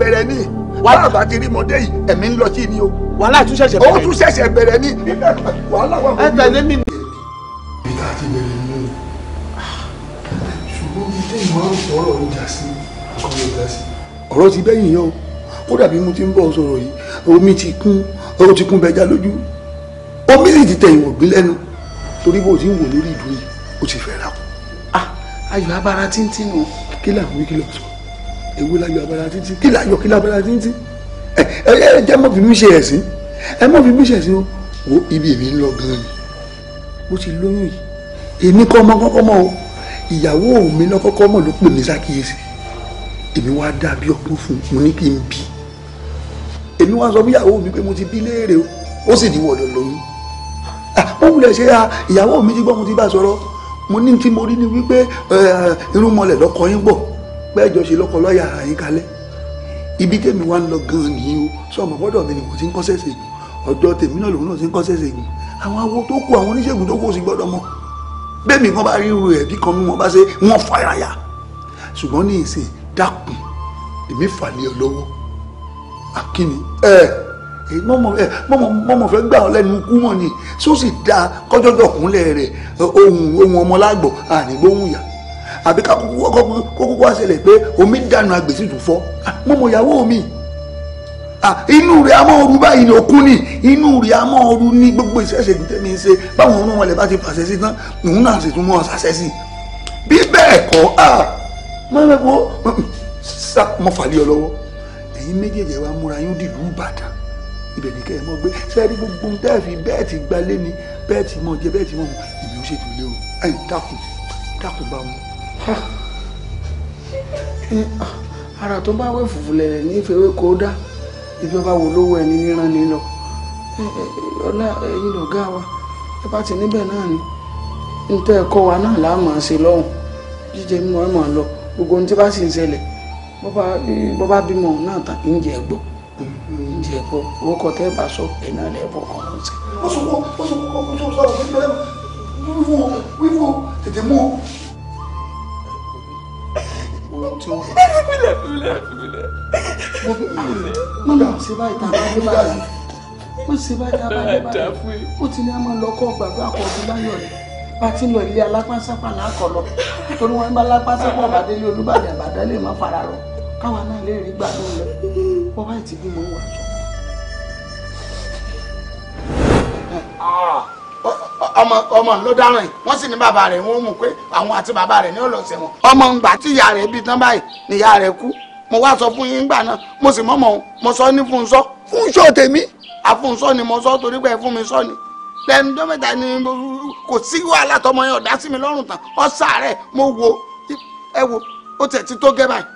kí ló wàhálà bá ti rí mọdé yìí ẹ̀mí ń lọ sí ni o. wàhálà tún ṣẹ̀ṣẹ̀ bẹ̀rẹ̀ ni. ó tún ṣẹ̀ṣẹ̀ bẹ̀rẹ̀ ni wàhálà wà fún mi. ẹ tẹ̀lé mi. ìgbà àti bẹ̀rẹ̀ ni o ṣùgbọ́n mi tẹ́yìn máa ń sọ̀rọ̀ ọjà sí ọkùnrin ọjà sí. ọ̀rọ̀ ti bẹ́yìn yọ ó dàbí mo ti ń bọ̀ sọ̀rọ̀ yìí omi ti kún ó ti kún bẹja lójú omi sì ti tẹ̀yìn ògbín lẹ́nu torí bó ti ń wò lórí ìdúró yìí ó ti fẹ́ ra kù. Ah, ayọ̀ abara tí ń tì nù kí làwọn wí kí lọ sọ èwo la yọ abala títí kí la yọ kí la abala títí ẹ ẹ ẹ jẹ́ mọ́ fi mí ṣe ẹ̀sìn ẹ mọ́ fi mí ṣe ẹ̀sìn o ibi èmi ń lọ gan ni ó ti lóyún yìí èmi kọ́ ọmọ kọ́kọ́ mọ́ o ìyàwó mi lọ́kọ́kọ́ mọ̀ ló pè mí sákìyèsí èmi wá dàbí ọgbọ́n fún un mo ní kí n bí èmi wá sọ fún ìyàwó mi pé mo ti bí léèrè o ó sì ní wọ̀dọ̀ lóyún ah, ó wulẹ̀ ṣe ya ìyàwó mi ti gbọ́ mo ti bá sọ̀rọ̀ mo ní tí mo rí ni wípé irúnmọlẹ̀ lọ́kọ yín bọ̀ pẹ́ẹ́jọ ṣe lọ́kọ lọ́ọ̀yà ara yín kalẹ̀ ibi tèmi wá ń lọ gan-an nìyí o sọmọ bọ́dọ̀ mi ni mo ti ń kọ́sẹ̀ ṣègùn ọ̀dọ̀ tèmi náà lòun náà ti ń kọ́sẹ̀ ṣègùn àwọn awo tó kù àwọn oníṣègùn tó kù sí gbọ́dọ̀ mọ́ bẹ́ẹ̀mi kan bá rí irú rẹ̀ bí kan mú wọn bá ṣe wọ́n fàyàyà ṣùgbọ́n ní ìsìn dákun èmi fàlẹ́ ọ lọ́wọ́ àkíní ẹ mọ̀mọ̀ fẹ́ gbà ọ lẹ́nu kú mọ̀ ni sósì dáa kọ́jọ́jọ́ kúnlẹ̀ rẹ̀ ohun ohun ọmọ lágbọ̀ ànígbóhùn àbí kókó wá ṣẹlẹ̀ pé omi ń dànù agbèsè tó fọ́ mo mọ̀ ìyàwó mi inú rẹ̀ amọ̀ ooru báyìí ni òkun ni inú rẹ̀ amọ̀ ooru ní gbogbo ìṣẹ̀ṣẹ̀ tó tẹ̀mí ń ṣe báwọn ọmọ wọn lè bá ti pàṣẹ sí tán òun náà sì tún mọ́ ọ ṣàṣẹ sí bí bẹ́ẹ̀ kọ́ mọ́lẹ́gbọ́ sá mọ́ fàlẹ́ ọ lọ́wọ́ ẹ̀yin méjèèjì wa múra yín dìlú Ìbàdàn ibẹ̀ ní kẹ́ ẹ mọ́ gbé sẹ́ẹ̀rí gbogbo ń tẹ́ẹ̀fì bẹ́ẹ̀ ti gbalé ni bẹ́ẹ̀ ti mọ̀ jẹ bẹ́ẹ̀ ti mọ̀ mọ̀ èmi ṣètò ilé o ẹ̀yìn dákun dákun bá mu ara tó bá wẹ̀ fùfù lẹ̀lẹ̀ ní ìfẹ́wé ibi ọba wò lówó ẹni ríran ní lọ ọlá ẹ̀yin lọ̀gá wa ẹ bá ti níbẹ̀ náà ni nítorí ẹ̀kọ́ wa náà là á máa ṣe lọ́hùn jíjẹ mímu ẹ̀ máa lọ gbogbo ohun tí bá sì ń ṣẹlẹ̀ bọ́ bá bímọ náà tàn ń jẹ ń jẹ owó kọ bá sọ ohun tí ó fà. fílẹ̀ fílẹ̀ fílẹ̀. mo bí mo náà ṣe báyìí tá a bá dé báyìí mo ṣe báyìí tá a bá dé báyìí ó ti ní a máa lọ kọ́ gbàgbọ́ àkọ́bí láyọ̀ rẹ̀ bá ilé alápásápà lákọ̀ lọ torí wọn bá lápásápà bá olúbàdàn àbàdàn lè má fara rọ káwa náà lè rí gbàdúrà lọ bọ́ báyìí ti bí wà ọmọ ọmọ ńlọdáràn yìí wọ́n sì ní bàbá rẹ̀ wọ́n mú pé àwọn àti bàbá rẹ̀ ní ọlọ́sẹ̀ wọn ọmọ ńgbà tí ìyá rẹ̀ bí tán báyìí ni ìyá rẹ̀ kú mo wá sọ fún yín ńgbà náà mo sì mọ̀mọ́ mo sọ ní Fúnṣọ́ Fúnṣọ́ tèmi àfúnṣọ́ ni mo sọ torí pé fún mi sọ ni lẹ́nu tó mẹ́ta ni kò sí wàhálà tọmọ yẹn ọ̀dá sí mi lọ́rùn tán ọ̀sà rẹ̀ mo wo ẹ wo ó tẹ̀ ti tó gẹ́ báyìí.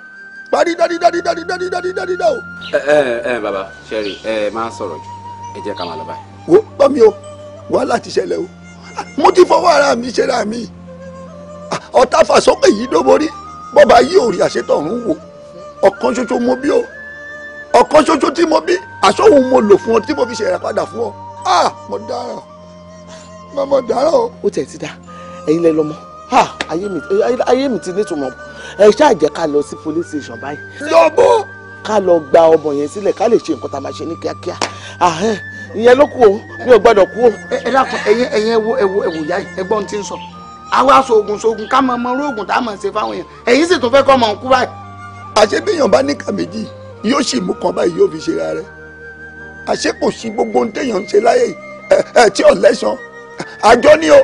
parí dárí dárí dárí dárí dárí dárí dá o. ẹ ẹ ẹ bàbá sẹ́rí ẹ máa ń sọ̀rọ̀ ẹ jẹ́ ká máa lọ báyìí. wo bá mi o wàhálà ti ṣẹlẹ̀ o mo ti fọwọ́ ara mi ṣera mi ọ̀tá fàsókè yìí ló borí bọ́ba yìí ò rí àṣetọ̀run wò ọ̀kan ṣoṣo mo bí o ọ̀kan ṣoṣo tí mo bí àṣọ̀hún mo lò fún ọ tí mo fi ṣèrà padà fún ọ ah mo dára mo mo dára o. ó tẹ̀ ti da ẹ̀yin lẹ lọ́mọ ayé mi ti nítumọ̀ ẹ ṣáà jẹ́ ká lọ sí police station báyìí. lọ́bọ̀. ká lọ gba ọmọ yẹn sílẹ̀ ká lè ṣe nǹkan tá a máa ṣe ní kíákíá ìyẹn ló kù o mi ò gbọ́dọ̀ kú o. ẹ dákun ẹyin ẹyin ẹwo ẹwo ẹwo ìyá yìí ẹ̀gbọ́n ti ń sọ àwa sògùn sògùn ká mọ ọmọ orógùn tá a mọ̀ ṣe fáwọn èèyàn ẹ̀yin sì tún fẹ́ kọ́ ọmọ òkú báyìí. àṣé bíyàn bá níkà méjì yóò sì mú kan báyìí yóò fi ṣe ra rẹ àṣé kò sí gbogbo ohun téèyàn ń ṣe láyé ẹ tí ò lẹ́sàn-án àjọ ni o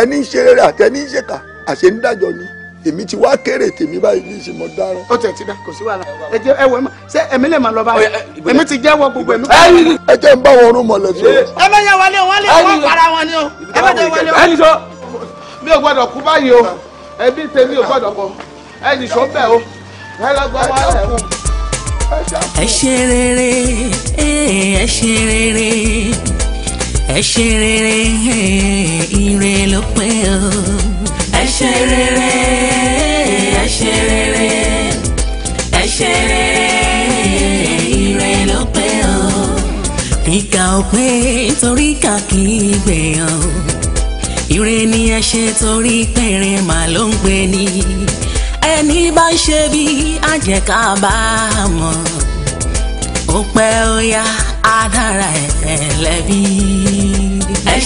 ẹni ń ṣe rere àtẹni ń ṣèkà àṣẹ ń dájọ ni èmi ti wá kéré tèmi báyìí ní ìsìnmọ̀ dáràn. ó tẹ̀ ti dá kò sí wàhálà ẹ jẹ́ ẹ wọ ṣé èmi lè máa lọ báyìí èmi ti jẹ́wọ́ gbogbo ẹ̀mí. ẹ jẹ́ ń bá wọn rún mọ̀lẹ́ sọ. ẹ bẹ wọlé wọn lè wọ́n para wọn ni o ẹ bẹ wọlé wọn. mi ò gbọdọ̀ kú báyìí o ẹbí tèmi ò gbọdọ̀ kọ ẹ nìṣó bẹ́ẹ̀ o ẹ wọn lẹ̀ ẹ ṣe rere ẹ ṣe rere ẹ ṣe rere ire ló pé o. torí kà kì í gbèyàn ire ni ẹ ṣe torí péré mà ló ń gbé ni ẹni bá ṣe bí àjẹká bá mọ̀ ó pẹ́ ó yá á dára ẹ̀ lẹ́bí.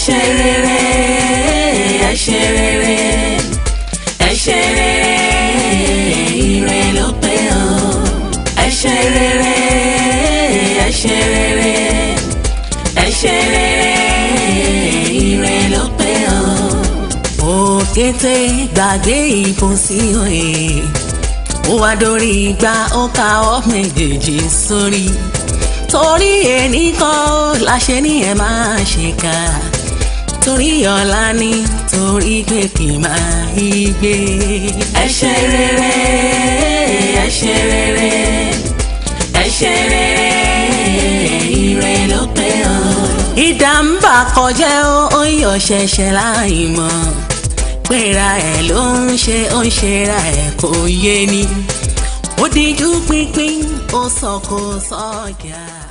rere ẹ rere ṣe rere ire ló pé o ẹ ṣe rere ẹ ṣe rere ẹ ṣe o. òkété gbàgbé ìbọn sí òye ó wá dórí igba ó ka ọ́ méjèèjì sórí torí la kan ó láṣẹ ní ẹ máa torí ọ̀la ni torí pé kì í máa yí gbé. ẹ ṣe rere ẹ ṣe rere ẹ rere ire ló pé o. ìdá ń bà kọjá ó yọ ṣẹ̀ṣẹ̀ láì mọ̀ péra ẹ̀ ló ń ṣe ó ń ṣera ẹ̀ kò yé ni ó díjú pínpín ó sọ kó sọ́ọ̀gà.